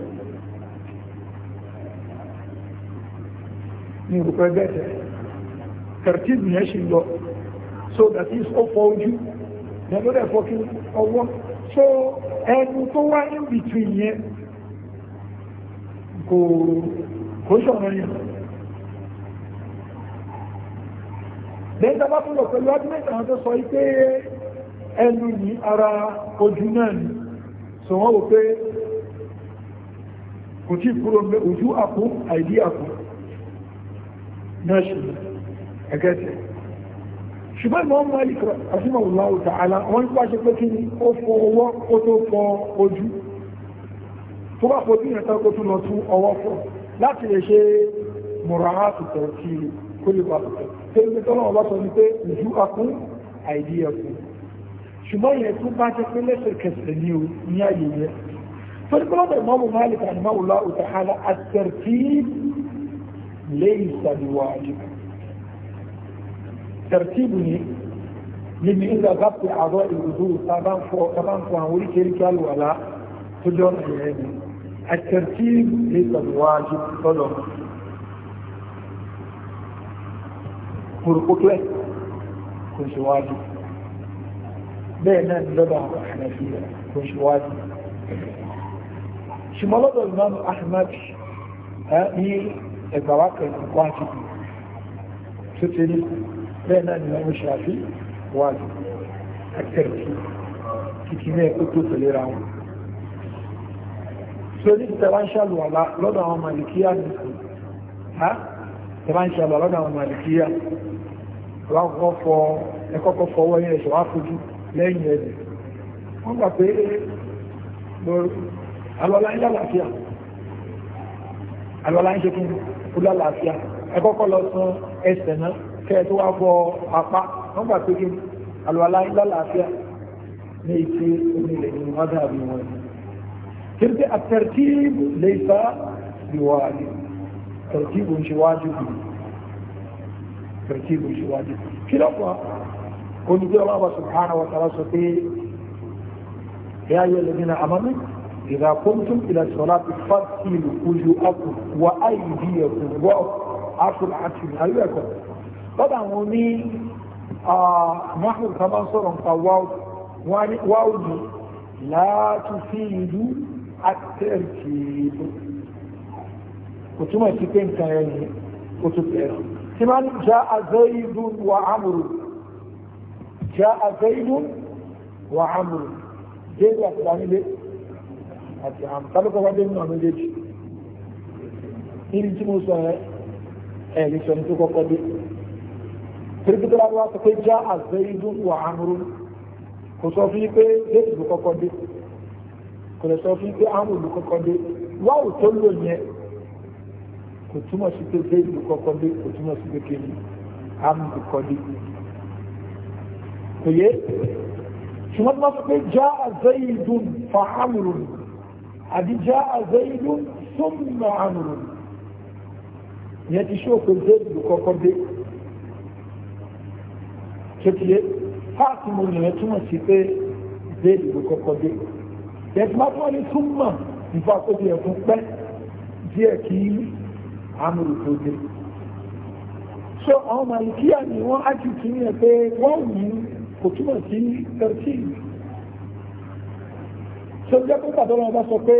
A: ní ìrùpẹ́ bẹ́ẹ̀ tẹ̀rẹ̀tì ìyẹn ṣì lọ so that is all for you lẹ́lọ́dẹ̀ fọ́kí ọwọ́ so ẹnu tó wá in between yẹn
B: kò kò
A: ṣọ̀rọ̀ yẹn lẹ́yìn bá fún lọ pẹ̀lú argument àwọn tó sọ pé ẹnu ní ara ojú náà ni so wọ́n wò pé kò tí kúrò mẹ́ ojú àpò àìdí àpò náà ṣe ẹgẹ́sẹ̀ ṣùgbọ́n ìmọ̀ Malik rahimahullah ta'ala wọ́n ń pàṣẹ pé kí ni ó fọ ọwọ́ ó tó fọ ojú tó bá fojú yẹn tán kó tún lọ tún ọwọ́ fọ láti lè ṣe mura'atu tartib kó lè bá tẹ̀ tó ń tọ́lọ́ ọba sọ ni pé ojú akún àìdí ẹkùn ṣùgbọ́n yẹn tún bá jẹ́ pé lẹ́sẹ̀kẹsẹ̀ ní o ní ààyè yẹn فربما الإمام مالك رحمه الله تعالى الترتيب ليس بواجب tẹ̀rẹ̀tìbù ni níbi ìgbà gáàpù àgọ́ ìrùdú tàbánfọ́ àwọn oríkèríkè alùwàlá tó jọ ẹ̀yẹ́ ni الترتيب ليس بواجب طلب فرقك له كنت واجب بين الذبح والحنفية كنت واجب شمالة الإمام أحمد هي الزواج الواجب ستنين bẹ́ẹ̀ náà ni wọ́n ṣe àfi wà ní àtẹ̀kì kìkì náà kó tó tẹ̀lé ra wọn. so ní tẹ̀wáńṣà lùwàlá lọ́dọ̀ àwọn màlìkíyà ní kò ha tẹ̀wáńṣà lùwàlá lọ́dọ̀ àwọn màlìkíyà wọ́n kọ́ fọ ẹkọ́kọ́ fọwọ́ yẹn ṣọ̀wá fojú lẹ́yìn ẹ̀dẹ̀ wọ́n gbà pé alọ́lá ń lálàáfíà alọ́lá ń ṣe kí lọ sún ẹsẹ̀ náà kẹ́ tó wá bọ apá wọ́n gbà pé kí alùwàlá lálàáfíà ní ìṣe onílẹ̀ ní mọ́tà àbí wọn ni kí pé àtẹ̀rtíìbù lè sá ìwàlì tẹ̀rtíìbù ń ṣe wájú bì tẹ̀rtíìbù ń ṣe wájú bì kí lọ́pọ̀ onígbé ọba wa subhanahu wa ta'ala sọ pé يا أيها الذين آمنوا إذا قمتم إلى الصلاة فاغسلوا وجوهكم وأيديكم وأرجلكم أيوة lọ́dọ̀ wọn oní náhùn kan máa ń sọ̀rọ̀ nǹkan láti fi ìlú àtẹ̀rìkì ìlú kò túmọ̀ sí pé nǹkan ẹ̀yìn kò tó bẹ̀rẹ̀ tí máa ń já azẹ́ìlú wà ámùrù já azẹ́ìlú wà ámùrù déédé àti dánílé àti àmù tálùkọ́ wá dé nínú àmì méjèèjì níbi tí mo sọ ẹ̀ tìrìkì tó lábẹ́ wá sọ pé já àzẹ́yìndún wà ámúrú kò sọ fún yí pé déètì ló kọ́kọ́ dé kò lè sọ fún yí pé ámúrú ló kọ́kọ́ dé wáwù tó lò yẹn kò túmọ̀ sí pé déètì ló kọ́kọ́ dé kò túmọ̀ sí pé kéde ámúrú ló kọ́ dé kò ṣùgbọ́n tó bá sọ pé já àzẹ́yìndún fa ámúrú àbí já àzẹ́yìndún súnmọ́ ámúrú yẹn ti ṣó pé déètì ló kọ́kọ́ dé kékeré páàkì mo yẹn túmọ̀ sí pé béèlì ló kọ́kọ́ dé ẹ̀tí máa tún wọ́n ní túmọ̀ ìfọ́ àkójọ ẹ̀fún pẹ́ díẹ̀ kí àmúrù tó dé so àwọn màlìkíyà ni wọ́n á ti tún yẹ pé wọ́n wù ú kò túmọ̀ sí thirteen so jẹ́ pé pàtó wọn bá sọ pé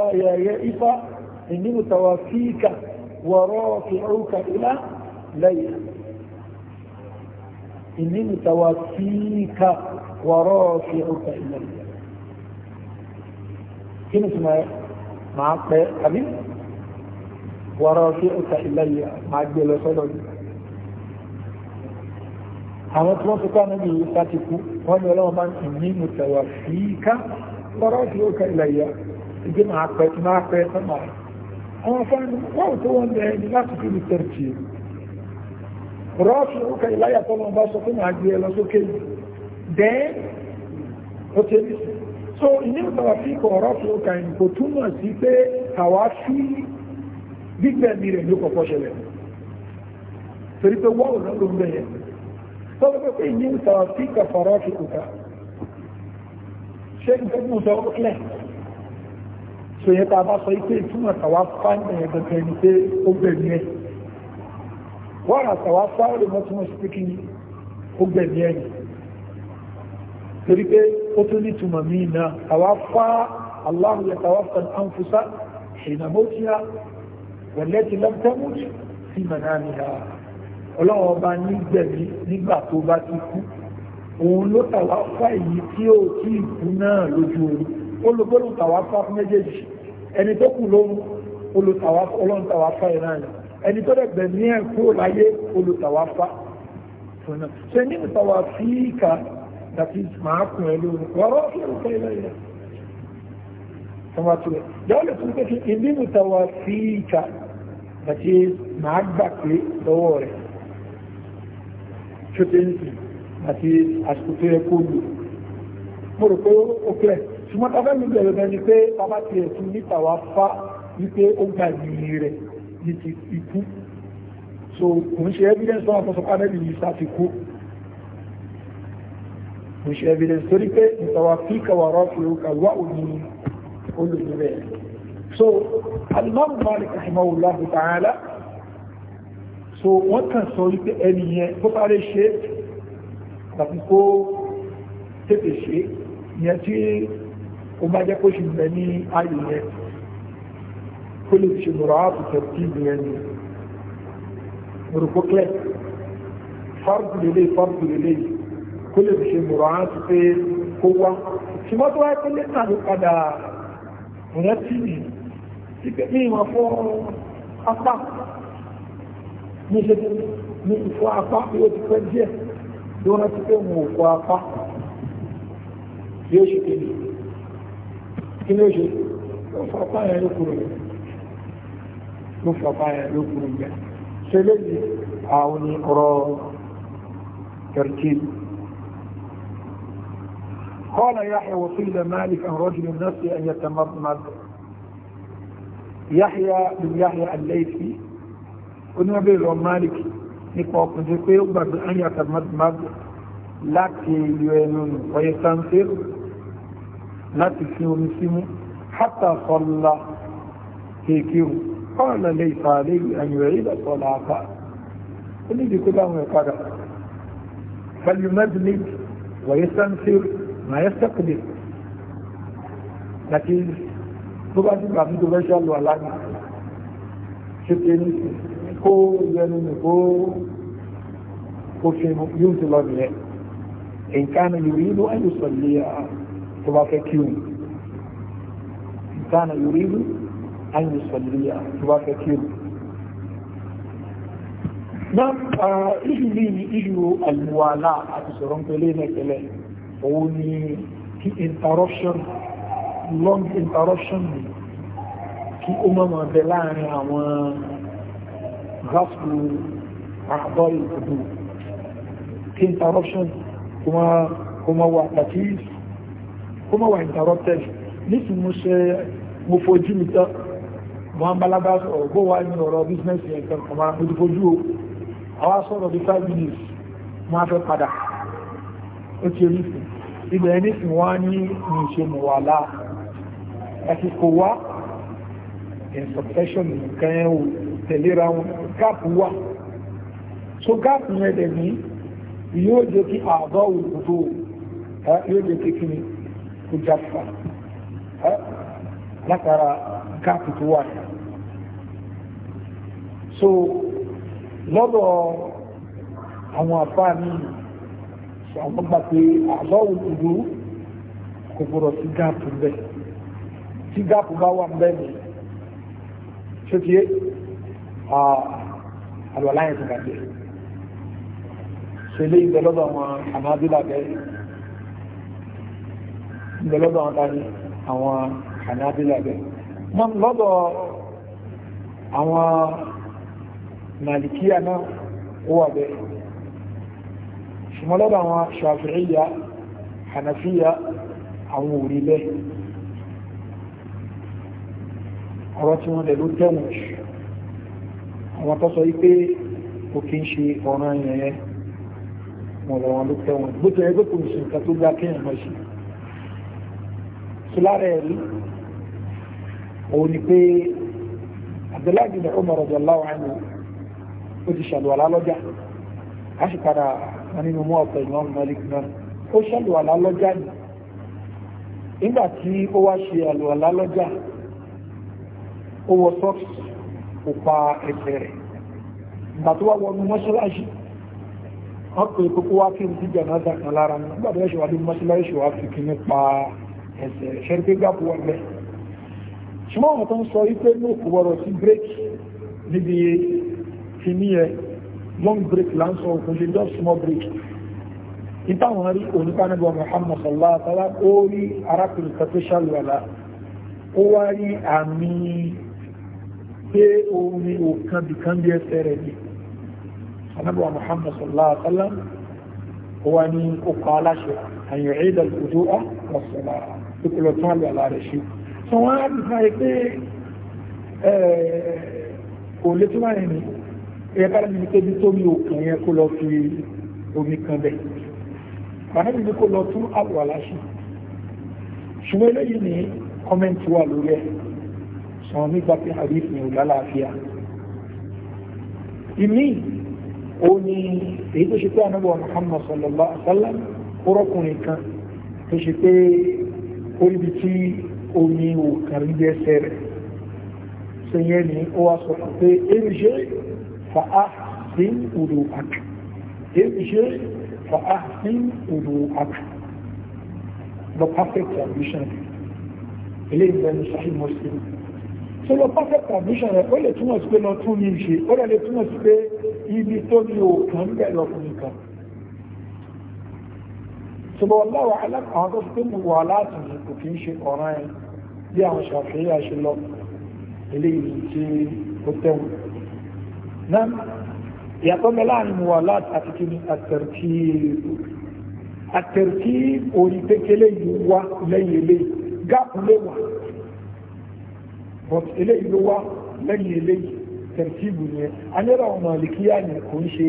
A: ọ̀rẹ́ rẹ ifá ìnínú fíìkà wọ̀rọ̀ kìrúkà ilá lẹ́yìn إني متوفيك ورافعك إلي كم اسمها معك أبي ورافعك إلي معك جل صدري àwọn tí wọ́n fi kọ́ níbi ìsátikú wọ́n ni ọlọ́wọ́ máa ń ní mùtẹ̀wà fííká lọ́rọ̀ tí ó kẹ ilẹ̀ yẹ ìgbé máa pẹ́ tí máa pẹ́ sọ́mà àwọn fáwọn wọ́n tó wọ́n bẹ̀ẹ́ ní láti fi rìsẹ̀rì rọ́ọ̀tù orúkọ ìláyà tọ́nà bá sọ fún àgbé ẹ sókè dẹ́n ó so ilé ìtọ́wà fi kọ̀ rọ́ọ̀tù orúkọ ìlú kò túmọ̀ sí pé àwa fi gbígbẹ̀mí rẹ̀ ló kọ̀kọ́ ṣẹlẹ̀ torí pé wọ́n ò náà so yẹn tá a bá sọ pé ìtumọ̀ tàwa fáńdà ẹ̀gbẹ̀gbẹ̀ ni pé ó gbẹ̀mí ẹ̀ wọ́n àtàwà fáwọn mọ́túnmọ́ sí pé kí ó gbẹ̀mí ẹ̀yìn torí pé ó tún ní túmọ̀ míì náà àwa fá aláhùn yẹn tàwa fún àǹfùsá ìnàmótíà wẹ̀lẹ́tì lọ́tẹ́mùtì sí mọ̀nàmìhà ọlọ́wọ́ ọba nígbẹ̀mí nígbà tó bá ti kú òun ló tàwa fá èyí tí ó tí ì kú náà lójú oru ó lo gbọ́dọ̀ tàwa fá méjèèjì ẹni tó kù lóhun olùtàwa ọlọ́run tàwa fá ẹ̀ náà ẹni tó dẹ̀gbẹ̀ ní ẹ̀ kúrò láyé olùtàwáfà fúnà ṣe ní mùtàwáfíìkà dàbí màá kùn ẹ̀ lóru wọ́rọ́ fún ìrùkẹ́ ilẹ̀ ilẹ̀ tọmọtò jọ́ọ̀lù tún pé kí ìdí mùtàwáfíìkà dàbí màá gbà pé lọ́wọ́ rẹ̀ ṣótẹ́ǹtì àti àsìkò tó yẹ kó lù mo rò pé ó kílẹ̀ ṣùgbọ́n tọ́fẹ́ mi bẹ̀rẹ̀ bẹ́ni pé bàbá tiẹ̀ tún nítàwáfà wípé ó gbà nìyí rẹ̀ ní ti ikú so kò ń ṣe evidence náà fún sọpá nẹ́bí yìí sáti kú kò ń ṣe evidence torí pé ìtawà fi kàwàrọ̀ fi rúkà wà òní olùdúrẹ̀ so alimami malik rahimahullah ta'ala so wọ́n kàn sọ wípé ẹni yẹn tó bá lè ṣe tàbí kó tètè ṣe yẹn tí ó bá jẹ́ kó ṣì ní ayò yẹn kó lè ṣe mùràátù tẹ̀tíìbì yẹn ni mùrùkókẹ́ fárùkù lélẹ̀ fárùkù lélẹ̀ kó lè ṣe mùràátù pé kó wá ṣùgbọ́n tó wáyé pé lẹ́tà ló padà rántí mi sí pé ní ìwà fún apá ní ṣe ní ìfọ apá yóò ti pẹ́ díẹ̀ ló rántí pé mo kọ apá yóò ṣe kéde kí ni ó ṣe ó fọ apá ló fọ̀pá ẹ̀ ló kúrò jẹ́ ṣe léyìí àwọn ní ọ̀rọ̀ ترتيب قال يحيى وقيل مالك عن رجل الناس أن يتمضمض يحيى بن يحيى الليثي قلنا به مالك نقوى قنزيكي يقبل أن يتمضمض لكي يوينون ويستنفر لكي يومسيم حتى صلى كيكيو قال ليس عليه أن يعيد الطلاق الذي كلهم يقرأ فليمذنب ويستنفر ما يستقبل لكن طبعا ما في دبشة الولاء شكين كو ينون كو كو شيء إن كان يريد أن يصلي طبعا كيوم إن كان يريد àyìn ìsọ̀lẹ̀ tó bá fẹ́ kírù náà ìṣù bí ìṣù àlùwàlá àti sọ̀rọ̀ pẹ̀lẹ́ nẹ́kẹ̀lẹ́ òun ni kí interruption long interruption ni kí ó mọ́ máa bẹ láàrin àwọn gospel àbọ̀ ìdúdú kí interruption kó máa wà pàtí kó máa interrupted nísìnyí mo ṣe mo fojú wọ́n balaga sọ̀rọ̀ gbó wá ní ọ̀rọ̀ business yẹn kan kọmọ ojúfojú o àwa sọ̀rọ̀ bí five minutes wọ́n á fẹ́ padà ó ti rí fún ibẹ̀ ẹni sì wọ́n á ní ìṣe mọ̀wàlá àti kò wá in succession nǹkan yẹn o tẹ̀léra wọn gap wà so gap yẹn dẹ̀ ní yóò jẹ́ kí àgọ́ òdòdó yóò jẹ́ kí kíni kó jáfa látara káàpù tó wà ní. so lọ́dọ̀ àwọn àbá mi àwọn gbà pé àbá òdòdó kò gbọdọ̀ sí gáàpù bẹ́ẹ̀ tí gáàpù bá wà bẹ́ẹ̀ ni ṣé kí àlọ́lá yẹn ti bàjẹ́ ṣe lé ìgbẹ́ lọ́dọ̀ àwọn àmàdúrà bẹ́ẹ̀ àwọn tani àwọn àmàdúrà mọ́ lọ́dọ̀ àwọn màlìkíyà náà ó wà bẹ́ẹ̀ ṣùgbọ́n lọ́dọ̀ àwọn ṣàfihìyà hànàfíyà àwọn òrí bẹ́ẹ̀ ọ̀rọ̀ tí wọ́n lè ló tẹ́wọ̀n ṣù àwọn tó sọ wípé kò kí ń ṣe ọ̀ràn yẹn yẹn ló tẹ́wọ̀n òun ni pé Abdullahi bin Umar radiyallahu anhu ó ti ṣàlùwàlá lọ́jà a sì padà wọn nínú mú ọ̀pọ̀ ìmọ̀ Malik náà ó ṣàlùwàlá lọ́jà ni nígbà tí ó wá ṣe àlùwàlá lọ́jà ó wọ sọ́ọ̀sì kò pa ẹsẹ̀ rẹ̀ ìgbà tó wá wọnú mọ́ṣáláṣí wọ́n pè kókó wá kí n ti jẹ̀ náà dàkan lára nígbà tó yẹ ṣe wà ní mọ́ṣáláṣí wà fi kí nípa ẹsẹ̀ ṣẹ́rí pé gbàgbọ́ wọn bẹ́ẹ̀ ṣùgbọ́n àwọn tó ń sọ wípé ní òkú wọ́rọ̀ sí break níbi kìíní ẹ long break là ń sọ òkun ṣe just small break ìtàwọn rí onípanẹ́bọ̀ Muhammad sallallahu alaihi wa sallam ó rí arákùnrin kan tó ṣàlùwàlà ó wá rí àmì pé omi òkan bìkan bí ẹsẹ̀ rẹ̀ ni anábọ̀ Muhammad sallallahu alaihi wa ó wá ní okọ̀ aláṣẹ àyẹ̀rẹ́ ìdàlùkùdó ọ̀pọ̀ sọ̀rọ̀ tó kúlọ̀ rẹ̀ ṣe so wọ́n á dìfà pé kò lè tó báyìí ni ẹ̀yẹ kára mi pé bí tómi òkun yẹn kó lọ fi omi kan bẹ̀ bàbá mi ní kó lọ tún àlùwàlá ṣe ṣùgbọ́n eléyìí ni kọ́mẹ́ǹtì wà lórí ẹ̀ sọ̀rọ̀ nígbà pé hadith ni ò lálàáfíà ìmí ó ní èyí tó ṣe pé anábọ̀ Muhammad sallallahu alaihi wasallam ó rọ́kùnrin kan tó ṣe pé ó ríbi tí omi ò kàrí bí ẹsẹ̀ rẹ̀ ṣe yẹn ni ó wá sọ pé èmi ṣe fàá sí odò àkà èmi ṣe fàá sí odò àkà the perfect ambition ilé ìgbẹ́ni sahih muslim so the perfect ambition rẹ̀ ó lè túmọ̀ sí pé lọ ní ṣe ó lè túmọ̀ sí pé ibi tó ní òkàn bẹ̀ lọ́kùnrin kan ṣùgbọ́n ọlọ́wọ́ àwọn tó fi mú wà láti kò kí ń ṣe ọ̀ràn ẹ̀ bí àwọn ṣàfihàn ṣe lọ eléyìí tí ó tẹ̀wọ̀n náà yàtọ̀ mẹ́ láàrin mú wà láti àti kí ni àtẹ̀rẹ̀kí àtẹ̀rẹ̀kí orí pékélé yìí wá lẹ́yìn eléyìí gáàpù lè wà but eléyìí ló wá lẹ́yìn eléyìí tẹ̀rẹ̀kí bù yẹn a nílò ọmọ ìlìkíyà yẹn kò ń ṣe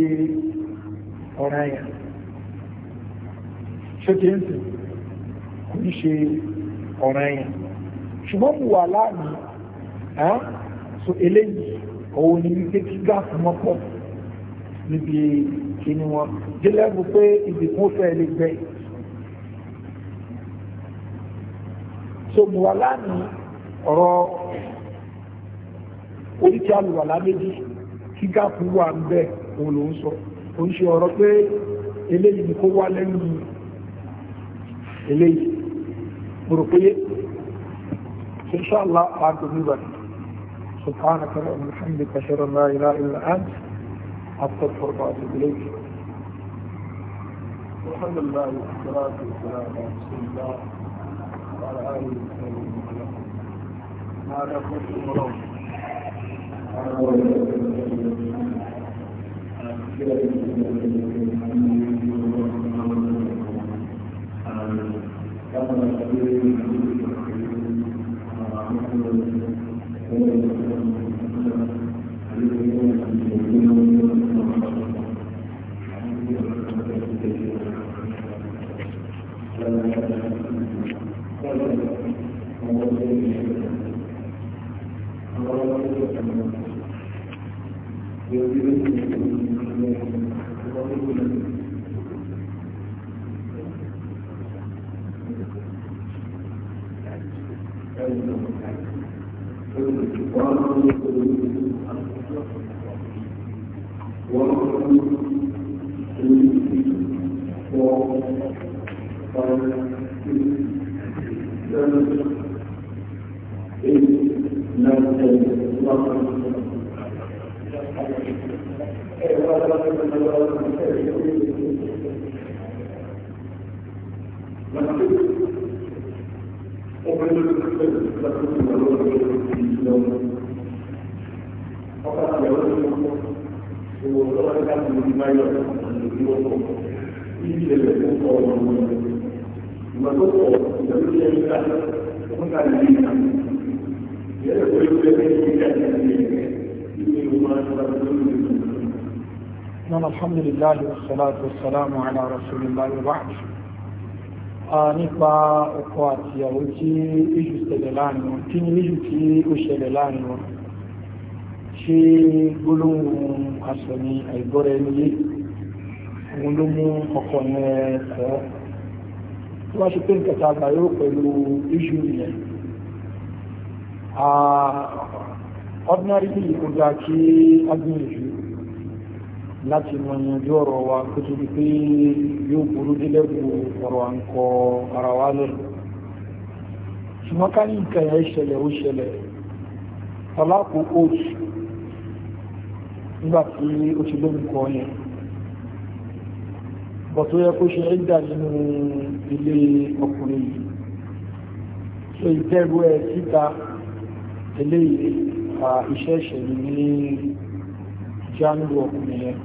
A: ọ̀ràn yẹn ṣókè ń sè kò ní ṣe ọ̀ràn yẹn ṣùgbọ́n mo wà láàmì so eléyìí òun ni wípé kí gáàsì wọn pọ̀ níbi kíní wọn délẹ́bù pé ibi kún fẹ́ lè gbẹ so mo wà láàmì ọ̀rọ̀ oríkì àlùwàlá méjì kí gáàsì wà ń bẹ òun ló ń sọ òun ṣe ọ̀rọ̀ pé eléyìí ni kó wá lẹ́yìn yìí. eléyìí إن شاء الله بعد ذلك سبحانك اللهم الحمد اشهد ان لا اله الا انت استغفرك واتوب اليك
B: الحمد لله والصلاه والسلام على رسول الله وعلى اله وصحبه وسلم هذا كل مرض Thank you.
A: والصلاة والسلام على رسول الله وبعد nípa ọkọ àti ìyàwó tí ìjù ṣẹlẹ̀ láàrin wọn kí ni ìjù tí ó ṣẹlẹ̀ láàrin wọn ṣe gbólóhùn aṣọ ni àìgbọ́ra ẹni yé òun ló mú ọkọ yẹn kọ́ tí wọ́n ṣe pé nǹkan tá a gbà yóò pẹ̀lú ìjù yẹn ordinary kò gbà kí a gbìyànjú láti mọ ìyànjú ọ̀rọ̀ wa kó tó di pé yóò burú délẹ̀ bu ọ̀rọ̀ à ń kọ ara wa lẹ́nu ṣùgbọ́n ká ní nǹkan ẹ̀ ṣẹlẹ̀ ó ṣẹlẹ̀ tọ́láàkù oṣù nígbà tí ó ti lóyún kọ yẹn bọ̀ tó yẹ kó ṣe ẹ́dà nínú ilé ọkùnrin yìí ṣe ìtẹ́rù ẹ̀ síta eléyìí iṣẹ́ ìṣẹ̀lẹ̀ ní jáàmù ọkùnrin yẹn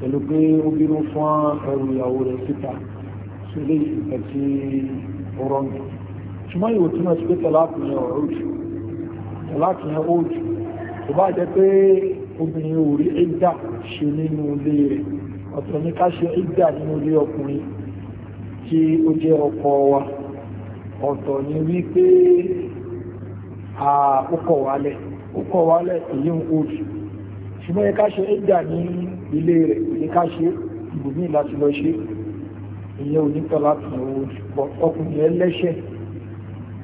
A: pẹ̀lú pé ó bínú fún ẹrù ìyàwó rẹ̀ síta sí ilé ìfẹ́ tí ó rọ́ǹdù ṣùgbọ́n ìwò túnmọ̀ sí pé tọ́láàkì yẹn òòjù tọ́láàkì yẹn òòjù kò bá jẹ́ pé obìnrin ò rí ìdá ṣe nínú ilé rẹ̀ ọ̀tọ̀ ní ká ṣe ìdá nínú ilé ọkùnrin tí ó jẹ́ ọkọ wa ọ̀tọ̀ ní wípé ó kọ̀ wálẹ̀ ó kọ̀ wálẹ̀ èyí ń òòjù ṣùgbọ́n ẹka ṣe ẹgbà ní ilé rẹ̀ ẹka ṣe ìbòmí láti lọ ṣe ìyẹn ò nítọ́ láti ọwọ́ ọkùnrin ẹlẹ́ṣẹ̀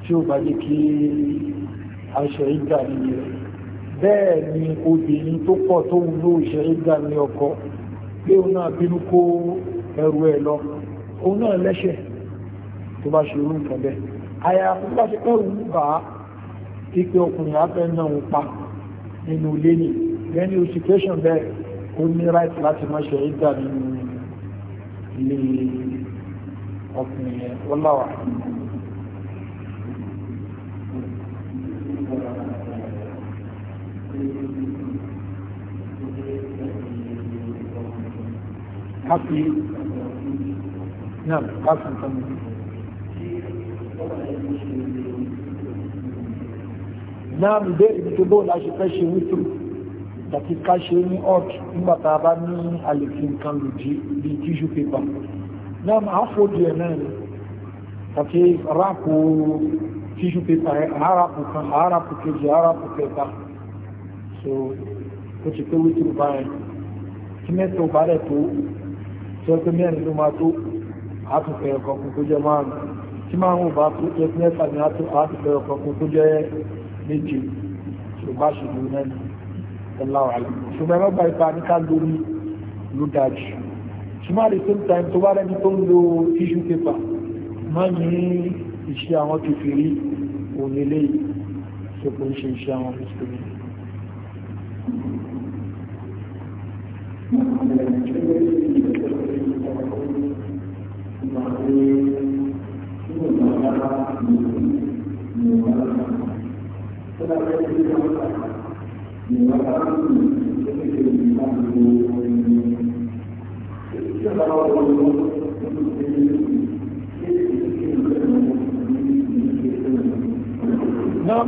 A: tí ó bá jẹ́ kí aṣọ ẹgbà ní rẹ̀ bẹ́ẹ̀ ni obìnrin tó pọ̀ tó ń lò ṣe ẹgbà ní ọkọ pé òun náà bínú kó ẹrù ẹ lọ òun náà lẹ́ṣẹ̀ tó bá ṣe irú nǹkan bẹ́ẹ̀ àyàfi bá ṣe pẹ́rù ń bà á pípé ọkùnrin afẹ́ náà ń pa nínú ilé nìyí lẹ́ni situation bẹ́ẹ̀ ó ní right láti má ṣe ìdá
B: nínú ilé ọkùnrin yẹn wọ́n láwà. Happy. Nam, happy coming.
A: Nam, ìbéèrè tó bó la ṣe fẹ́ ṣe wítìrì tàbí ká ṣe ní ọ́t nígbàtà bá ní àlèfí nǹkan lòdì bí tíṣù pépà náà máa fòdì ẹ̀ náà tàbí ráàpù tíṣù pépà ẹ̀ àáràpù kan àáràpù kejì àáràpù kẹta so ó ti pé wítìrì báyìí tí mẹ́tò bá rẹ̀ tó tí ó pé mẹ́rin ló máa tó àtúnfẹ́ ọkọ̀ kún tó jẹ́ márùn tí máa ń bá tó jẹ́ mẹ́fà ní àtúnfẹ́ ọkọ̀ kún tó jẹ́ méje ṣùgbọ́n ṣùgbọ́n náà ọláwà àlà ṣùgbọ́n ẹ̀rọ gba ipa ní ká lórí ló dájú ṣùgbọ́n at the same time tó bá rẹ́ni tó ń lo tissue paper má ní ìṣe àwọn kìfìrí òun eléyìí tó kò ń ṣe iṣẹ́ àwọn mùsùlùmí.
B: Thank you náà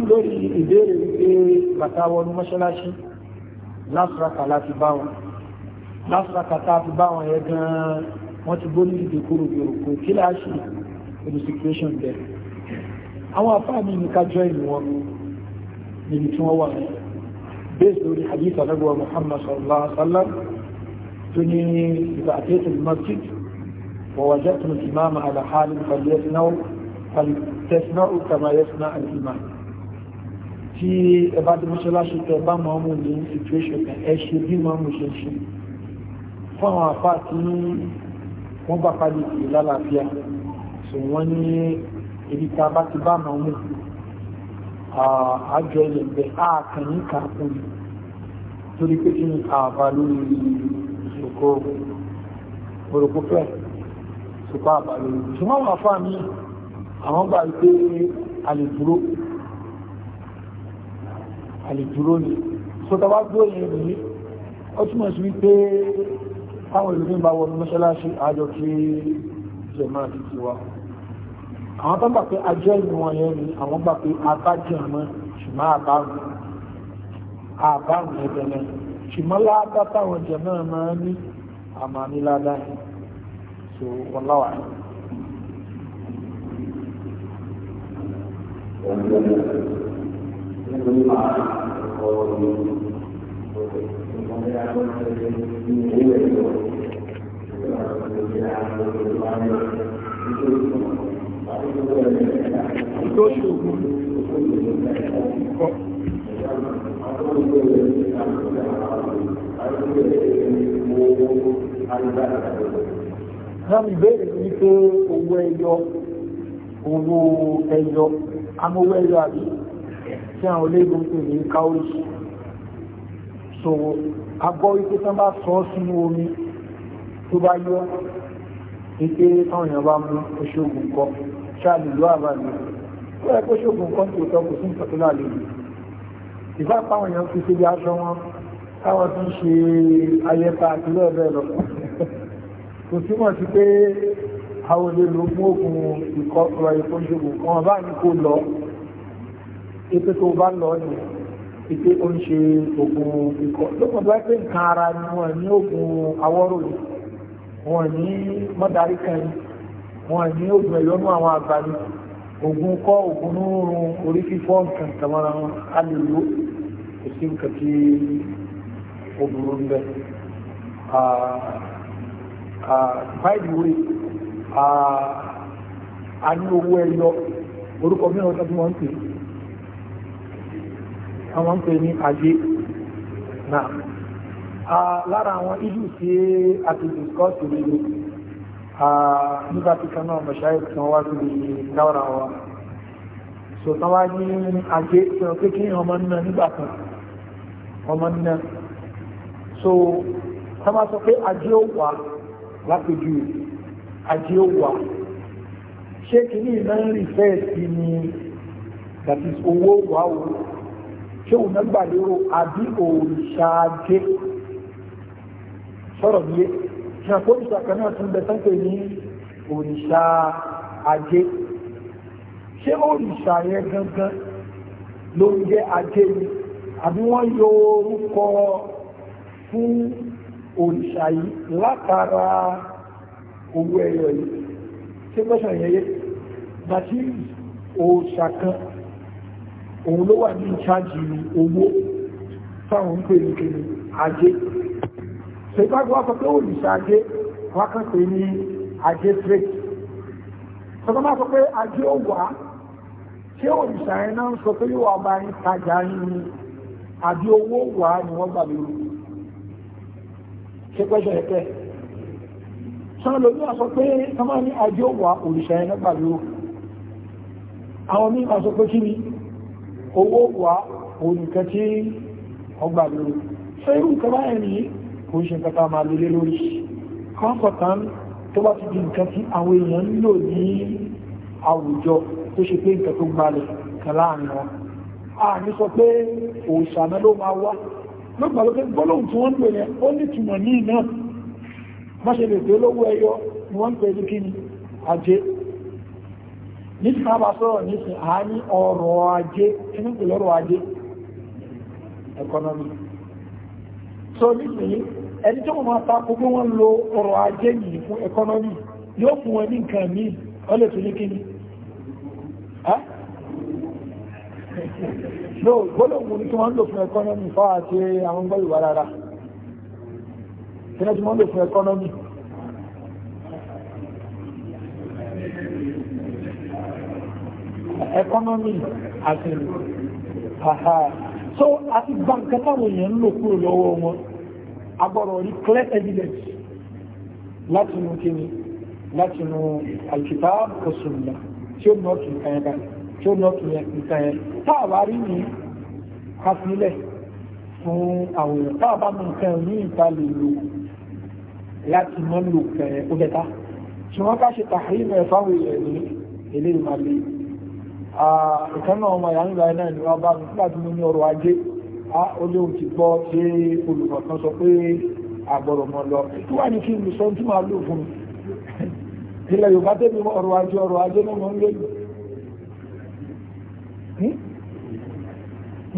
A: lórí ìbéèrè wípé bàtà wọnú mọ́ṣáláṣí lásìrákà láti bá wọn lásìrákà tá a fi bá wọn yẹ gan-an wọ́n ti gbóní ìdè kúrò gbèròkó kí láàṣì ìlú situation bẹ̀rẹ̀ àwọn afáàmì ní ká jọ ìlú wọn níbi tí wọ́n wà ní based lórí hadith alagwa muhammad sallallahu alaihi wasallam tó ní ìgbà àtẹ́tù masjid wa wajatu al-imama ala halin falyasnau falyasnau kama yasna al-imam tí ẹ bá ti mọ́ṣáláṣí tẹ bá máa mú ní situation kan ẹ ṣe bí máa mú ṣe ṣe fún àwọn afá tí wọ́n bá pàdé ìlàlàáfíà sọ wọ́n ní ibi tá a bá ti bá máa mú àjọ ìyẹ̀bẹ̀ ààkàní kàkún torí pé kí ni àbá lórí ìṣòkó òròkófẹ́ ṣùpá àbá lórí ṣùgbọ́n wà fà mí àwọn gbà pé àlèdúró àlèdúró ni sọ́tàwá dúró yẹn ní ó túnmọ̀ sí wípé táwọn ìlú ní bá wọnú mọ́ṣáláṣí àjọ kí jẹ̀máà ti ti wá àwọn tó ń gbà pé ajẹ́ ìlú wọn yẹn ni àwọn gbà pé akájẹ́ àmọ́ ṣùgbọ́n àbáwọ̀ àbáwọ̀ ẹgbẹ́ náà ṣùgbọ́n ládá táwọn jẹ náà máa ń ní àmà ládá yẹn so wọ́n láwà
B: Thank you tó ṣògbó kọ́.
A: Náà ìbéèrè ní pé owó ẹyọ, owó ẹyọ, amówó ẹyọ àbí tí àwọn olóògùn pè ní káwọ́sì. So, agbọ́ wípé tán bá sọ sínú omi tó bá yọ, wípé táwọn èèyàn bá mú oṣogun kọ́ ṣáàlì ìlú àbàlù ó yẹ kó ṣògùn kan tó tọ́ kò sí nǹkan tó láàlè yìí ìfá páwọn èèyàn fi síbi aṣọ wọn káwọn tún ṣe ayẹta àti lọ́ọ̀bẹ̀ lọ kò túmọ̀ sí pé àwọn olè ló mú òkun ìkọ́kọ̀ ẹ̀kọ́ ṣògùn kan bá ní kó lọ ètò tó bá lọ ni ìpé ó ń ṣe ògùn ikọ̀ lókùn bá pé nǹkan ara ni wọ́n ní ògùn awọ́rò wọn ní mọ́dárí kan yìí wọn ní ogun ẹ̀yọ́nú àwọn àgbàdo ogun kọ́ ogun nínú orí fífọ́ nǹkan tàmọ́ra wọn á lè lò kò sí nǹkan tí ó burú ń bẹ. by the way a ní owó ẹyọ orúkọ mìíràn ọjọ́ tí wọ́n ń pè àwọn ń pè ní ajé náà lára àwọn ìlú tí a ti discuss ìlú nígbà tí kan náà mọ̀ṣáyé tí wọ́n wá sí dáwọ́ra wa so tán wá ní ajé tí wọ́n kékeré ọmọ nínú nígbà kan ọmọ nínú so tán wá sọ pé ajé ó wà lápèjú ajé ó wà ṣé kìíní iná ń rí fẹ́ẹ̀ sí ni that is owó wà ó ṣé òun náà gbà lérò àbí òrìṣà ajé sọ̀rọ̀ nílé ṣàkóòrìṣà kan náà tún bẹ̀tán pè ní òrìṣà ajé ṣé òrìṣà yẹn gangan ló ń jẹ́ ajé ni àbí wọ́n yọ orúkọ fún òrìṣà yìí látara owó ẹyọ yìí ṣé gbọ́sàn yẹn yé bàtí òòṣà kan òun ló wà ní ìṣáàjì owó táwọn ń pè ní ajé ṣètàgbọ́ sọ pé òrìṣà ajé wọ́n kàn pé ní ajé straight sọ́kọ́ máa sọ pé ajé ó wà ṣé òrìṣà yẹn náà ń sọ pé yóò wà bá tajà ni àbí owó wà ni wọ́n gbà lórí ṣé pẹ́ṣẹ̀ ẹ̀kẹ́ sọ́nà lórí wà sọ pé wọ́n máa ní ajé ó wà gbà lórí àwọn míì máa sọ pé kí ni owó wà òrìṣà tí wọ́n gbà lórí ṣé irú báyẹn nìyí kò ń ṣe nǹkan tá a máa lólé lórí kọ́ńkọ̀tán tó bá ti di nǹkan tí àwọn èèyàn lò ní àwùjọ tó ṣe pé nǹkan tó gbalẹ̀ kan láàrin a ní sọ pé òòṣà náà ló máa wá ló gbà ló pé gbólóhùn tí wọ́n ń lò yẹn ó ní ìtumọ̀ ní iná má ṣe lè pé lówó ẹyọ ni wọ́n ń pè ní kíni ajé ní ti ká bá sọ̀rọ̀ ní sin àání ọrọ̀ ajé kí ní pè lọ́rọ̀ ajé economy so nísìnyí ẹni tó wọ́n máa ta gbogbo wọn lo ọrọ̀ ajé yìí fún ẹkọ́nọ́mì yóò fún wọn ní nǹkan míì ọ lè tún ní kíni no gbọ́lọ̀gbọ́n ní tí wọ́n ń lò fún ẹkọ́nọ́mì fáwà tí àwọn gbọ́ ìwà rárá tí wọ́n ń lò fún ẹkọ́nọ́mì
B: ẹkọ́nọ́mì àti àhà
A: so àti gbàǹkẹ́ táwọn èèyàn ń lò kúrò lọ́wọ́ wọn agbọ́rọ̀ rí clear evidence láti inú kíni láti inú al-kitab wa sunnah tí ó nọ́ọ̀tù nǹkan yẹn tí ó nọ́ọ̀tù nǹkan yẹn tá a wá rí ní kásílẹ̀ fún àwọn èèyàn tá a bá mú nǹkan ní ìta lè lò láti mọ́ lò nǹkan ó bẹ́ta tí wọ́n ká ṣe tàhírí mẹ́rin fáwọn èèyàn ní ilé ìmàlẹ́ ìkànnà ọmọ ìyá ńlá náà ni wọ́n bá mi nígbà tí mo ní ọrọ̀ ajé a olóhun ti gbọ́ tí olùmọ̀ kan sọ pé àgbọ̀rọ̀ mọ́ lọ tó wà ní kí n sọ tí máa lò fún ilẹ̀ Yorùbá tẹ́mi ọrọ̀ ajé ọrọ̀ ajé mọ́ ń lé hmm?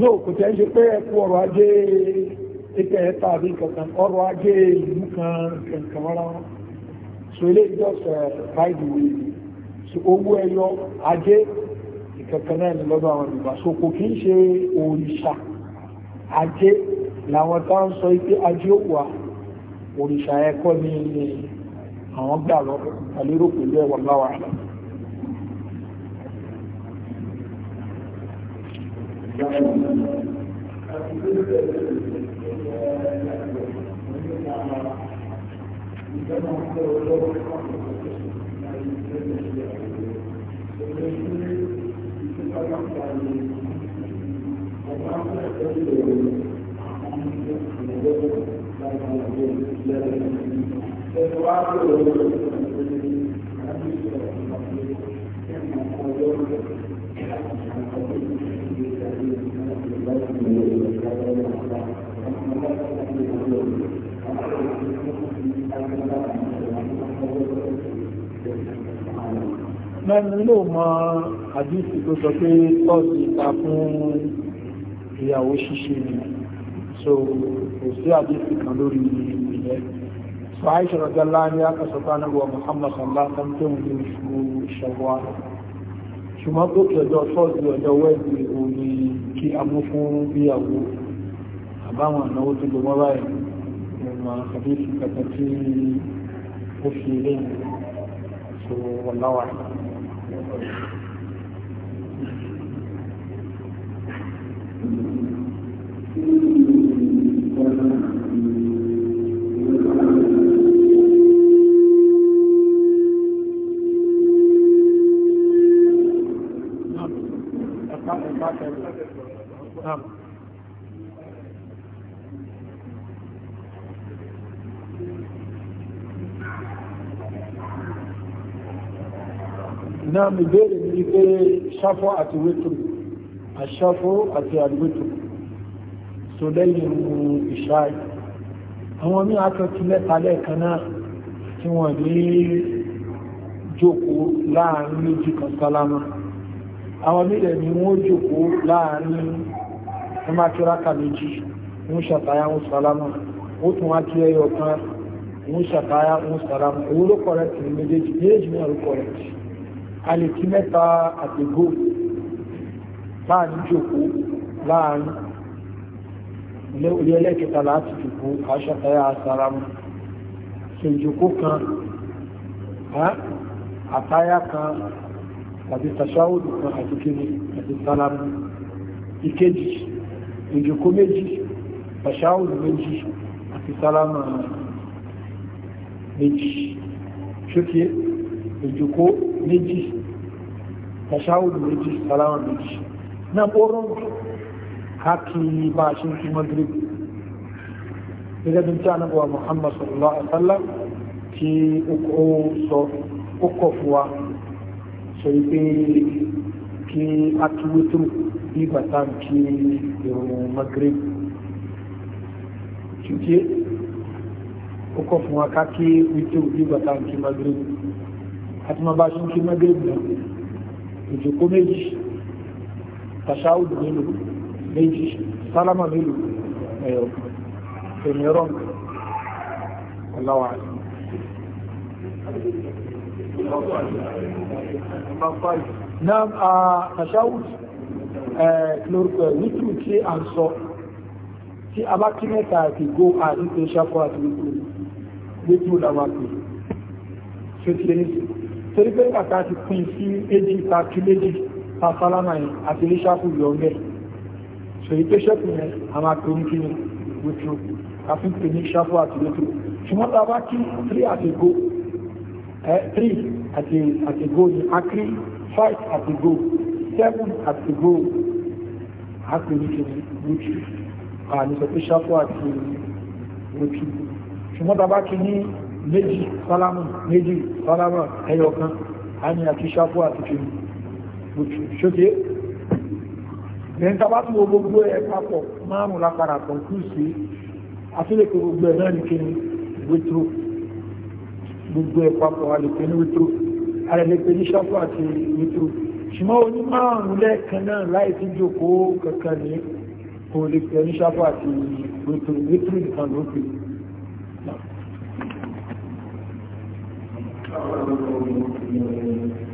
A: no kò tẹ́ ń ṣe pé ẹkú ọrọ̀ ajé ẹkẹ ẹta àbí kankan ọrọ̀ ajé ìlú kan kankan rárá wọn so ilé ìjọ sọ eh, báyìí wí so owó ẹyọ ajé ìkankan náà ní lọ́dọ̀ àwọn Yorùbá so kò kí ń ṣe òrìṣà ajé làwọn tó ń sọ pé ajé ò wà òrìṣà ẹ̀kọ́ ní àwọn gbà lọ àlérò pẹ̀lú ẹ̀wọ̀n láwà.
B: Thank
A: Mẹ́rin ló mọ àdíṣì tó sọ pé tọ́sí ta fún ìyàwó ṣíṣe ni so kò sí àdísì kan lórí ìyẹ́ so Aisha rọ̀dọ́lá ní akásọ̀tà náà Muhammad sallallahu alaihi wasallam tó ń lè ṣu ṣọwọ́ ṣùgbọ́n tó kí ọjọ́ fọ́ọ̀dù ọjọ́ wẹ́ẹ̀dì
B: so wọ́n
A: náà mi bèèrè ní pé ṣáfọ́ àti wétòrò àṣàfó àti àdúgbò tó lẹ́yìn ìṣáì àwọn mí àtọ́kí mẹ́ta lẹ́ẹ̀kan náà tí wọ́n ní jókòó láàrin méjì kan sálámà àwọn mílẹ̀ ni wọ́n jókòó láàrin ẹmàkíraka méjì wọ́n ṣàtàyà wọn sálámà ó tún wá kí ẹyọ kan wọ́n ṣàtàyà wọn sálámà owó ló kọ̀rẹ́tì méjèèjì méjèèjì náà ló kọ̀rẹ́tì a lè kí mẹ́ta àtẹ̀góòlù bá ń jòkó láàrin ilé ẹlẹ́kẹta láti jòkó aṣọ́tayá asára mu ṣe ìjòkó kan àtáyá kan àti tàṣáwòdù kan àti kíni àti sálámù ìkejì ìjòkó méjì tàṣáwòdù méjì àti sálámù méjì ṣókè ìjòkó méjì tàṣáwòdù méjì sálámù méjì náà ó rọrùn káàkiri bá a ṣe ń fi madrid gẹ́gẹ́ bí tí a náà wà muhammad sallallahu alaihi wa sallam tí ó sọ ó kọ̀ fún wa sọ pé kí a kí wítírù bí bàtà ń kí ìrùn madrid ṣùgbọ́n ó kọ̀ fún wa káàkiri wítírù madrid àti máa bá a madrid náà ìjòkó méjì tashahud mélòó méjì sálámà mélòó ẹ̀yọ̀ tèmíràn ọláwà náà a tashahud wítù tí a ń sọ tí a bá kí mẹ́ta àti gó àti tó ṣàfọ́ àti wítù wítù làwọn àti fẹ́tìlẹ́nìsì torí pé pàtàkì pín sí méjì tàkí méjì sálámà yẹn àti iléṣàkù yọ ọgbẹ́ ṣèyí tó ṣẹ́kù yẹn a máa pè ń kí ni wítúrò àfi pè ní ṣàkù àti wítúrò ṣùgbọ́n tá a bá kí tírí àti go ẹ tírí àti àti go ni a kí five àti go seven àti go a pè ní kí ni wítúrò a ní sọ pé ṣàkù àti wítúrò ṣùgbọ́n tá a bá kí ní méjì sálámù méjì sálámù ẹyọ kan a ní àti ṣàkù àti kí ni ṣókè lẹ́yìn tàbá tí wo gbogbo ẹ̀ papọ̀ márùn lápára kọ̀nkúsì àtúlẹ̀kọ̀ gbogbo ẹ̀ náà ní kí ni wétró gbogbo ẹ̀ papọ̀ alẹ́kẹ́ ní wétró alẹ́lẹ́kẹ́ ní ṣáfù àti wétró ṣùgbọ́n oní márùn lẹ́ẹ̀kan náà láì tí jókòó kankan ní kò lè pẹ̀ ní ṣáfù àti wétró wétró
B: nìkan ló pè Thank you.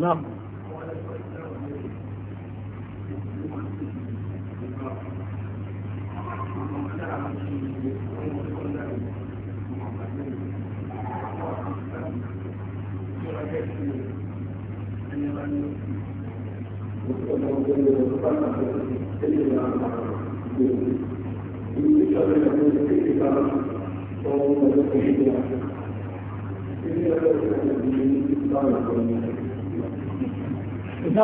B: náà Thank you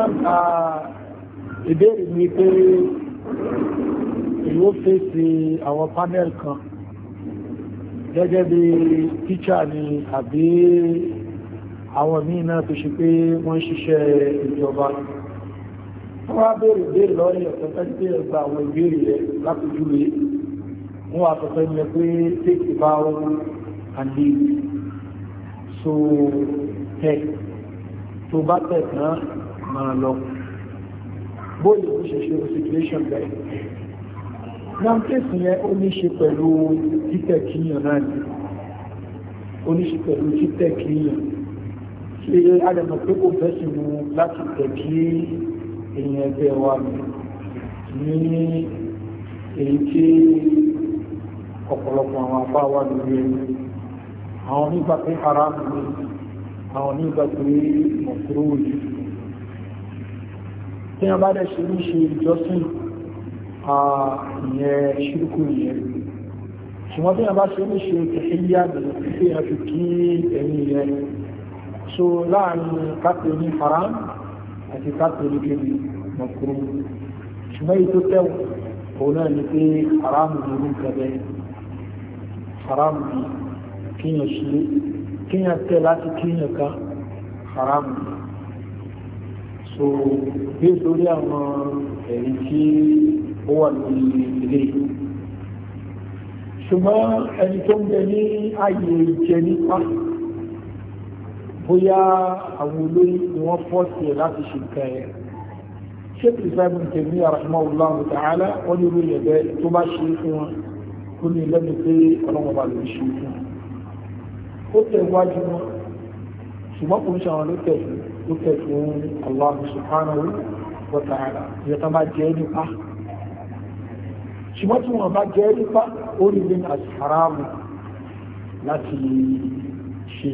A: náà ìbéèrè mi pé ìlú fèsì àwọn panel kan gẹ́gẹ́ bí tíṣà ni àbí àwọn míì náà tó ṣe pé wọ́n ṣiṣẹ́ ìjọba wọ́n wá béèrè béèrè lọ́yẹ̀ ọ̀tọ́tọ́ tí ó gba àwọn ìbéèrè rẹ̀ lápòjúwe wọ́n wá sọ pé ní pé take it bow and leave so tẹ̀ tó bá tẹ̀ tán máa lọ bóyá ó ṣe ṣe situation bẹ́ẹ̀ náà kéèsì yẹn ó ní ṣe pẹ̀lú títẹ̀ kíyàn náà ni ó ní ṣe pẹ̀lú títẹ̀ kíyàn ṣe àdàmọ̀ pé kò fẹ́ sí mu láti tẹ̀ kí èèyàn ẹgbẹ́ wa ni ní èyí tí ọ̀pọ̀lọpọ̀ àwọn afá wa lórí ẹni àwọn onígbà pé haram ni àwọn onígbà pé mọ̀kúrò yìí tí wọ́n bá dẹ̀ ṣe ní ṣe ìjọsìn ìyẹn ṣírùkù ìyẹn ṣùgbọ́n tí wọ́n bá ṣe ní ṣe tẹ̀síyà bẹ̀rẹ̀ sí àfi kí ẹ̀yìn ìyẹn so láàrin kápẹ̀ ní haram àti kápẹ̀ ní kébì mọ̀kúrú ṣùgbọ́n èyí tó tẹ́wọ̀ òun náà ni pé haram ní irú kẹbẹ́ haram ní kíyàn ṣe kíyàn tẹ́ láti kíyàn ká haram ní
B: so bí nítorí àwọn ẹ̀rí tí ó wà lórí ilé
A: ṣùgbọ́n ẹni tó ń bẹ ní ààyè jẹ nípa bóyá àwọn olóyìn ni wọ́n fọ́ọ̀sì ẹ̀ láti ṣe nǹkan ẹ̀ sheikh islam tẹ̀mí rahimahullahu ta'ala wọ́n ní orí ẹ̀bẹ̀ tó bá ṣe fún wọn ó ní lẹ́nu pé ọlọ́wọ́ bá lè ṣe fún wọn ó tẹ̀wájú
B: wọn ṣùgbọ́n
A: kò ń ṣe àwọn ló tẹ̀lé ló tẹ̀ fún Allah subhanahu wa ta'ala ìyẹ́ta máa jẹ́ nípa ṣùgbọ́n tí wọ́n bá jẹ́ nípa ó rí bí àṣàrámù láti ṣe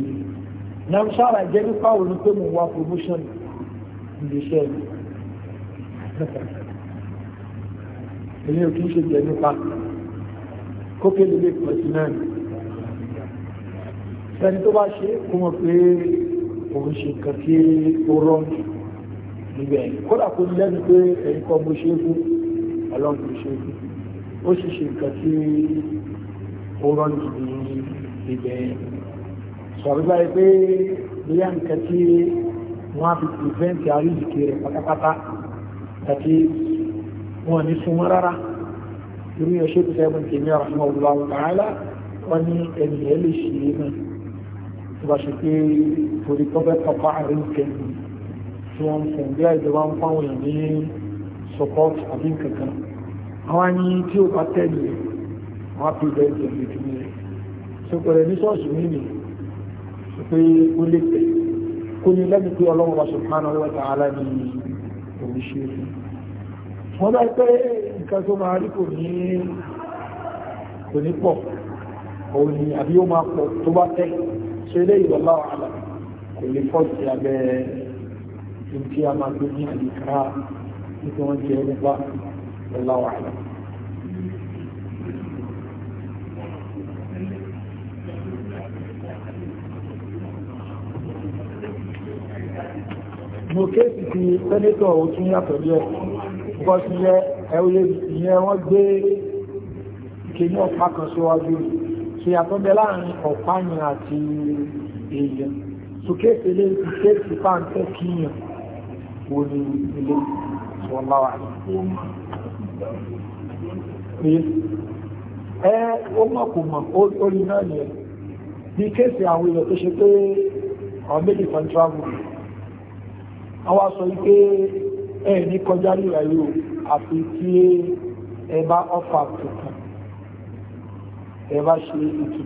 A: náà sára jẹ́ nípa òun pé mo wá promotion iléeṣẹ́ mi ilé òkè ṣe jẹ́ nípa kókè lè pọ̀ sí náà ẹni tó bá ṣe kó mọ̀ pé òun ṣe nǹkan tí ó rọ́ọ̀nù níbẹ̀ kódà kó lẹ́nu pé ẹ̀yìn kan mo ṣe é fún ọlọ́run mo ṣe é fún ó sì ṣe nǹkan tí ó rọ́ọ̀nù ní ibẹ̀ sọ̀rọ̀ báyìí pé bóyá nǹkan tí wọ́n á fi pìrìfẹ́ǹtì àríjìkì rẹ̀ pátápátá àti wọn ní súnmọ́ rárá irú yẹn ṣe kò sẹ́gun tèmi àrùn ọ̀gbọ̀n àwọn ọ̀gbọ̀n lè ṣe é náà tó bá ṣe pé torí tó fẹ́ tọpa àárín kẹ́mi tí wọ́n ń sọ bí àìjọba ń fáwọn èèyàn ní support àbí kankan àwọn ní tí ó bá tẹ̀lé wọn á fi bẹ́ẹ̀ jẹ́ lójú mi rẹ̀ tó pẹ̀lẹ́ ní ṣọ́ọ̀ṣì mi nì pé ó lè pẹ̀ kó ní lẹ́nu pé ọlọ́run bá subhanahu wa ta'ala ní òwúṣe fún wọ́n bá pẹ́ nǹkan tó máa rí kò ní kò ní pọ̀ òun ni àbí ó máa pọ̀ tó bá tẹ̀lé ṣe lé ìwọ láwọn àlà kò lè fọ́ sí abẹ́ ìdí amagbe ní àyíká nípa wọn jẹ
B: nípa láwọn àlà. mo kéèkì ti
A: sẹ́nẹ́tọ̀ ó tún yàtọ̀ bí ẹ̀ sí ẹ ẹ̀wọ̀n gbé kéèyàn pákan síwájú yìí ìyàtọ̀ bẹ láàrin ọ̀páyìn àti èèyàn sókèsè lè fi kéèsì pàǹtẹ́ kíyàn wo ni ilé ìwọ̀láwà ẹ ó mọ̀ kò mọ̀ orí náà ni ẹ̀ bí kéèsì àwọn èèyàn tó ṣe pé àwọn méjì kan travel àwọn sọ wípé ẹ ní kọjá ríra yóò àfi tí ẹ bá ọfà tuntun ẹ bá ṣe ìtùtù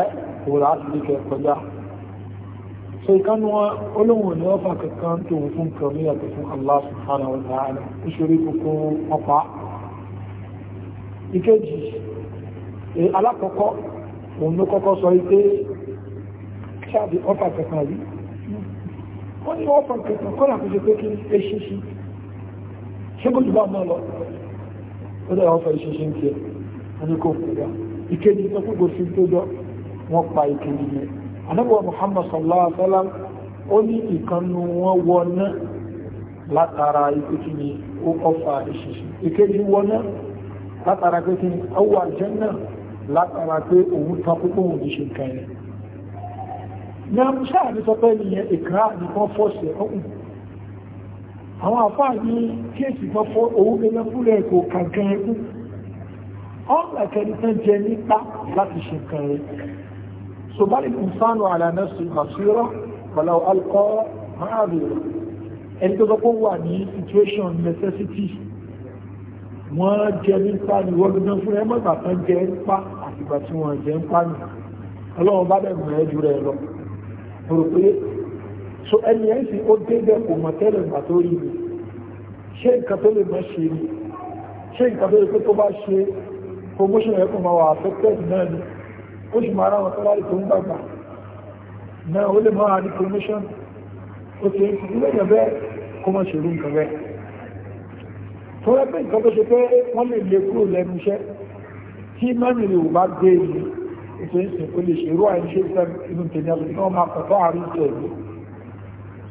A: ẹ́ òun láti lè kẹ kọjá so ìkánu wọn olóhùn ní ọfà kankan tó ń fún kan ní yàtọ̀ fún Allah subhanahu wa ta'ala ó ṣeré kókó ọpa ìkejì alákọ̀ọ́kọ́ òun ló kọ́kọ́ sọ wípé ṣáàbì ọfà kankan rí wọ́n ní ọfà kankan kọ́ làkóso pé kí ẹ ṣe ṣe ṣé kó jù bá mọ́ lọ ó dẹ̀ ọfà ìṣeṣe ń tiẹ̀ wọn ni kò kúrò ìkejì sọ pé kò sí tó jọ wọn pa ìkejì yẹn anábọ̀ Muhammad sallallahu alaihi wa sallam ó ní ìkànnù wọn wọ náà látara ikú kí ni ó kọfà ìṣiṣi ìkejì wọ náà látara pé kí ni awọ àjẹ náà látara pé òun ta púpọ̀ òun ní ṣe nǹkan yẹn ní àmúṣà ní sọpẹ́ ìyẹn ìkra nìkan fọ́ọ̀sì ọ̀hún àwọn àfáà ní kéèsì kan fọ́ òun gẹ́gẹ́ fúnlẹ̀ kò kàgán ẹkùn ọ̀nà kẹ́nìkan jẹ nípa láti ṣe kan rẹ̀ ṣùgbọ́n ìsánù àlànàṣì àṣírọ́ pẹ̀lú alkọ́ márùn-ún ẹni tó sọ pé wà ní situation necessity wọ́n jẹ nípa ní wọ́n gbọ́n fún ẹmọ́ ìgbà kan jẹ nípa àtìgbà tí wọ́n jẹ nípa nù ọlọ́run bá dẹ̀gùn ẹ̀ jù rẹ̀ lọ rò pé so ẹni ẹ̀ sì ó débẹ̀ kò mọ̀ tẹ́lẹ̀ ìgbà tó rí mi ṣé nǹkan tó lè mọ̀ ṣe ni ṣé nǹkan tó lè pé tó bá ṣe gbogbo ṣe ẹ̀kùn ma wà affected náà ni ó sì máa ráwọn tọ́lá ìtò ń gbàgbà náà ó lè máa ní promotion ó ti ilé yẹn bẹ́ẹ̀ kó mọ̀ ṣèlú nǹkan bẹ́ẹ̀ tó rẹ́ pé nǹkan tó ṣe pé wọ́n lè lè kúrò lẹ́nu iṣẹ́ tí mẹ́rin lè bá gbé ìlú ètò ìsìn ó lè ṣèrú àìṣe ìsẹ́m inú tèmi àti náà máa kọ̀tọ́ àrùn tẹ̀lé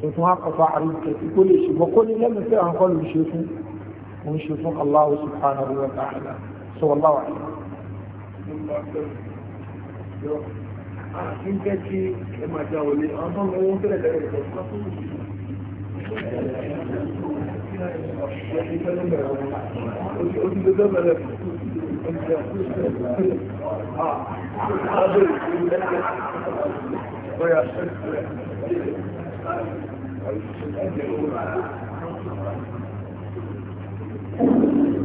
A: ètò wọn kọ̀tọ́ àrùn tẹ̀lé kó lè ṣùgbọ́n kó ní lẹ́nu pé à ń kọ́ lè ṣe fún òun ṣe fún Allah subhanahu wa ta'ala sọ wọ́n láwà.
B: kí n jẹ́ kí ẹ máa já wọlé àwọn tó ń lọ wọ́n tẹ́lẹ̀ tẹ́lẹ̀ tẹ́lẹ̀ tó kọ́ Thank you.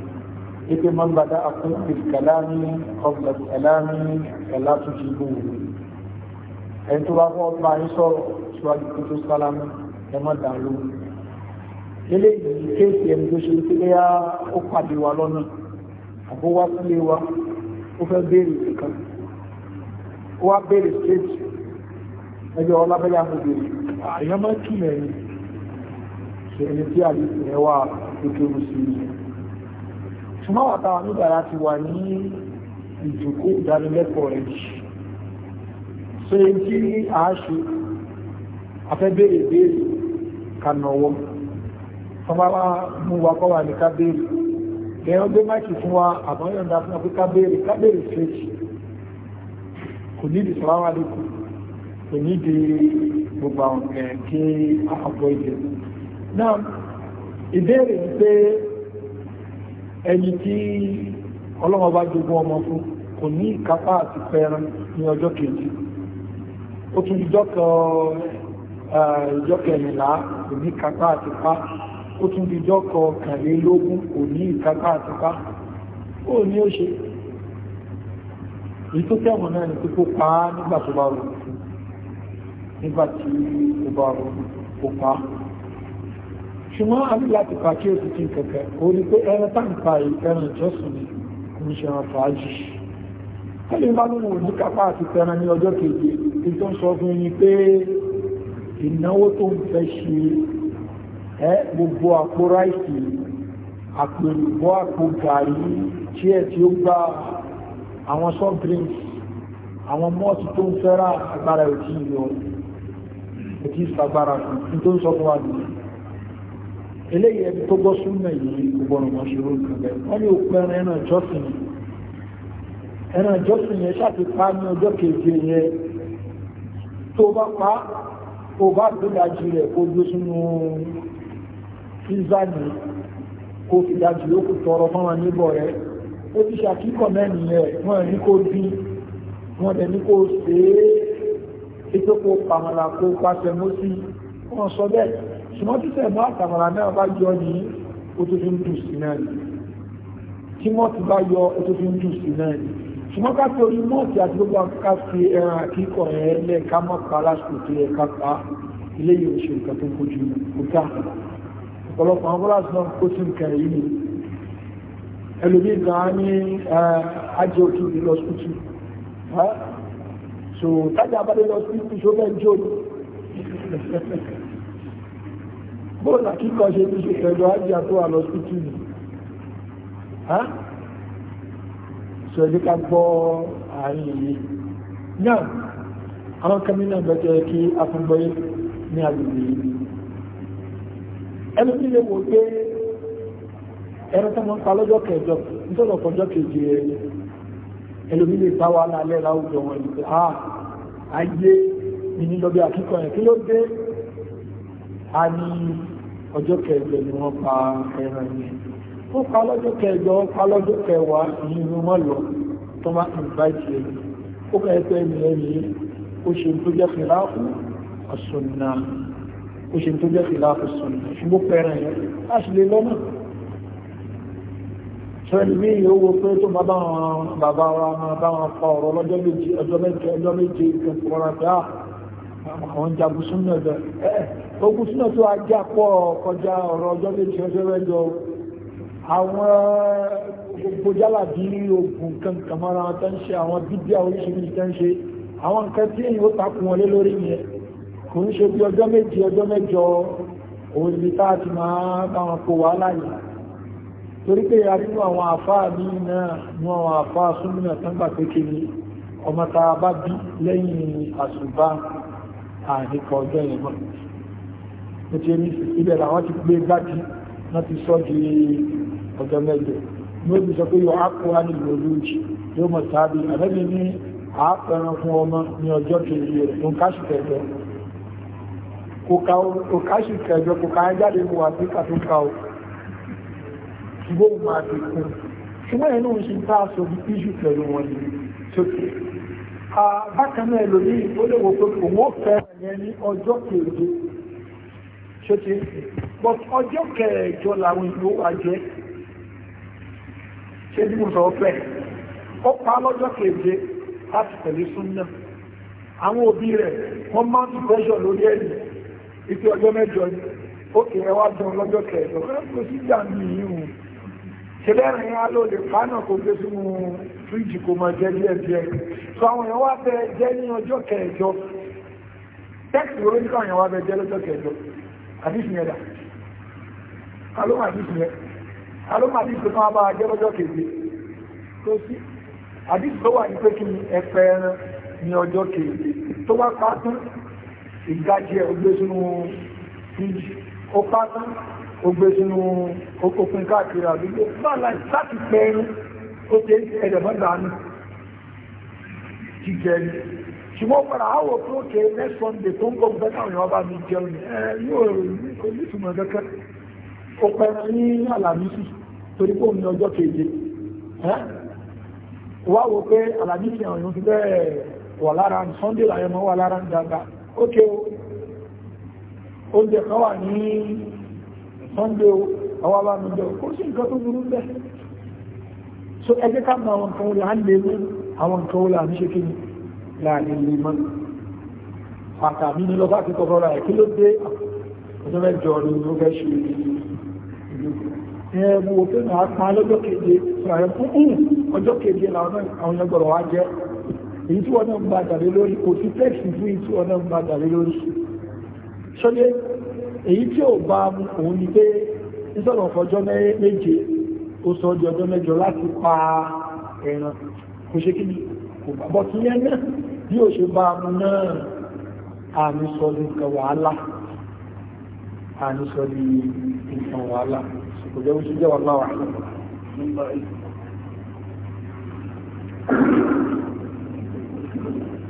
A: ipe man bada akun fil kalami qabla kalami kala tujibu ẹni tó bá fọ́ ọba yín sọ̀rọ̀ síwájú kó tó sálámù ẹ má dà lóhùn eléyìí kéèsì ẹni tó ṣe pé bóyá ó pàdé wa lọ́nà àbó wá sílé wa ó fẹ́ béèrè kankan ó wá béèrè stéèjì ẹjọ́ ọlábẹ́yà mo béèrè àyàn máa ṣe ẹni tí àlejò rẹ̀ wà lókè mùsùlùmí ṣùgbọ́n wà táwọn oníbàárà ti wà ní ìjòkó ìdánilẹ́kọ̀ọ́ rẹ̀ jì so èyí tí a ṣe afẹ́bẹ̀rẹ̀ béèrè kanọ̀wọ́ ọmọwá mú wa kọ́ wà ní kábẹ́rẹ̀ ẹ̀yàn gbé máìkì fún wa àbọ̀yọ̀ndà fún ọkọ̀ kábẹ́rẹ̀ kábẹ́rẹ̀ ẹni tí ọlọ́wọ́ bá jogún ọmọ fún kò ní ìkápá àti pẹran ní ọjọ́ kejì ó tún ìjọ kẹrìnlá kò ní ìkápá àti pa ó tún ìjọ kọkànlélógún kò ní ìkápá àti pa ó ní ó ṣe èyí tó tẹ́wọ̀n náà ni kókó pa á nígbà tó bá rò nígbà tí ó bá rò ó pa á ṣùgbọ́n a ní láti pàkíyèsí tí kẹ̀kẹ́ ó ní pé ẹran táǹkà ìtẹ́ràn ìjọsìn ni kò ń ṣe ẹran fàájì tẹ́lẹ̀ bá lóun ò ní kápá àti tẹ́ran ní ọjọ́ kejì tí tó ń sọ fún ni pé ìnáwó tó ń fẹ́ ṣe ẹ́ gbogbo àpò ráìsì àpò ìbọ́ àpò gàrí tí ẹ̀ tí ó gba àwọn soft drinks àwọn mọ́ọ̀tì tó ń fẹ́ra agbára ẹ̀ tí ìlọ ẹ̀ ìsagbára fún tó ń sọ fún wa nìyẹn eléyìí ẹni tó gbọ́ súnmọ̀ yìí kò gbọ́nà mọ́ ṣòro ìgbẹ́ wọ́n ní òpin ẹran ẹran ìjọsìn ẹran ìjọsìn yẹn ṣáàtì pa ní ọjọ́ keje yẹn tó bá pa ó bá gbódàjì rẹ̀ kó gbé sínú fíìzánì kó fi dájú ó kò tọrọ fáwọn níbọ̀ rẹ̀ ó ti ṣàkíkọ̀ mẹ́rin yẹn wọ́n ní kó dín wọ́n dẹ̀ ní kó ṣe é pípé kó pàmàlà kó pàṣẹ mọ́sí wọ́n sọ bẹ́ẹ̀ ṣùgbọ́n tí sẹ̀mọ́ àtàmàrà náà bá yọ ní otòfin dùn sí náà ni tí wọ́n ti bá yọ otòfin dùn sí náà ni ṣùgbọ́n ká tó rí mọ́ọ̀tì àti gbogbo akáká fi ẹran àkíkọ̀ ẹ̀ lẹ̀ ká mọ́ pa lásìkò tó yẹ ká pa ilé yìí oṣù nǹkan tó kojú òkà ọ̀pọ̀lọpọ̀ àwọn bọ́lá sí náà kó sí nǹkan yìí ni ẹlòmíì gan ní ajé òkè ìlọ bóòlù àkíkọ̀ ṣe ti ṣe pẹ̀lú ajá tó wà lọ́sítù ha sọ ẹ̀dí ká gbọ́ àárín yìí náà àwọn kẹ́mínà bẹ̀tẹ̀ kí afúnbọ́yé ní agbègbè yìí ẹni tí lè wò pé ẹni tó mọ́ pa lọ́jọ́ kẹjọ nítorí ọ̀pọ̀jọ́ kejì rẹ̀ lè bá wa lálẹ́ láwùjọ wọn ah, ayé mi ní lọ bí yẹn kí ló dé a ní ọjọ́ kẹjọ ni wọ́n pa ẹran yẹn ó pa lọ́jọ́ kẹjọ ó pa lọ́jọ́ kẹwàá ìyẹn ni wọ́n lọ tó máa ń bá ìtì ẹni ó kẹ́ ẹgbẹ́ ẹni ẹni ó ṣe tó jẹ́ fìlàkù àsùnà ó ṣe tó jẹ́ fìlàkù àsùnà ṣùgbọ́n pẹ̀rẹ̀ yẹn á sì lè lọ́nà sẹ́ni mí yóò wo pé tó bá wọn bàbá wa máa bá wọn pa ọ̀rọ̀ lọ́jọ́ méje ọjọ́ méje ọjọ́ méje ìkẹ́kọ̀ọ́ àwọn jagun súnà bẹ ẹ ogun súnà tó ajá pọ̀ kọjá ọ̀rọ̀ ọjọ́ méjì ọjọ́ mẹ́jọ àwọn gbogbojára bí ogun kankan mara tó ń ṣe àwọn bíbí àwọn oríṣiríṣi tó ń ṣe àwọn nǹkan tí èyí ó takùn wọlé lórí yẹn kò ń ṣe bí ọjọ́ méjì ọjọ́ mẹ́jọ òun ibi tá a ti máa báwọn kó wà láyé torí pé a nínú àwọn àfáà ní náà ní àwọn àfáà súnmọ́ tán gbà pé kiri ọmọ a bá bí lẹ́yìn àṣùbá àhìkọ̀ ọjọ́ yẹn mọ́ ó ti rí ibẹ̀ làwọn ti gbé gbájú wọ́n ti sọ di ọjọ́ mẹ́jọ ní òbí sọ pé yọ ápò á ní ìròlójì yóò mọ̀ tàbí àrẹ́bí ní àápẹran fún ọmọ ní ọjọ́ kejì rẹ̀ tó ń káṣù kẹjọ kò káṣù kẹjọ kò ká jáde mú àfíríkà tó ká o ṣùgbọ́n máa fi kún ṣùgbọ́n ẹnu ń ṣe ń tá a sọ bí píṣù pẹ̀lú wọn ni sókè bákanáà ẹlòmí ó lè wò pé òun ó fẹ́ ẹ̀yẹn ní ọjọ́ keje ṣé ti but ọjọ́ kẹjọ làwọn ìlú wa jẹ́ ṣé bí mo sọ fẹ́ ó pa lọ́jọ́ keje láti tẹ̀lé súnmọ́ àwọn òbí rẹ̀ wọ́n máa ń pressure lórí ẹ̀yìn ipe ọjọ́ mẹ́jọ ni ó kéré wá dán lọ́jọ́ kẹjọ kò sí ìjà mi yìí ṣẹlẹ́rìn yá ló lè fánà kò gbé sínú fíríjì kò máa jẹ díẹ̀ díẹ̀ so àwọn èèyàn wá bẹ jẹ ní ọjọ́ kẹjọ tẹ́kì lórí ní káwọn èèyàn wá bẹ jẹ lọ́jọ́ kẹjọ àdìsí yẹn dà alóhùn àdìsí yẹn alóhùn àdìsí kan wá bá jẹ lọ́jọ́ keje tó sí àdìsí tó wà ní pé kí ni ẹpẹ ẹran ní ọjọ́ keje tó wá pa tán ìgbàjẹ ògbésùnú fíríjì ó pa ó gbé sínú okòkun káàkiri àdúgbò bá láì láti pẹ́ẹ́rún ó ṣe ẹ̀dẹ̀mọ́gbà ní jíjẹ ni ṣùgbọ́n padà áwọ̀ tó ké next sunday tó ń bọ̀ bẹ́ẹ̀ káwọn èèyàn bá mi jẹun ni ẹ yóò rí kò ní ìtumọ̀ kẹ́kẹ́ ó pẹ́ẹ́rún ní àlàmísì torí pé òun ní ọjọ́ keje wá wo pé àlàmísì àwọn èèyàn ti bẹ́ẹ̀ wà lára ní sunday làyẹ̀mọ́ wà lára ní dáadáa ó ké o oúnjẹ kan wà ní sunday o àwọn alámìjọ kò sí nǹkan so ẹ jẹ́ ká mọ àwọn nǹkan wọlé à ń lè mú àwọn nǹkan wọlé à ń ṣe kí ni láàrin lè mọ́ àtàmì ní lọ́sà ti kọ́kọ́ ra ẹ̀ kí ló dé ọjọ́ mẹ́jọ ni ó fẹ́ ṣe
B: ìlú
A: ẹ wo pé màá pa lọ́jọ́ keje ṣàrẹ̀ fún ọjọ́ keje làwọn ẹgbọ̀rọ̀ wa jẹ́ èyí tí wọ́n náà ń gbàdàlé lórí lórí èyí tí ó bá mú òun ni pé ìsọ̀rọ̀ ọjọ́ méje ó sọ di ọjọ́ mẹ́jọ láti pa ẹran kò ṣe kí ni kò bá bọ́ kí yẹn náà bí ó ṣe bá mú náà àmì sọ nǹkan wàhálà àmì nǹkan wàhálà kò jẹ́ oṣù jẹ́ wàhálà Thank you.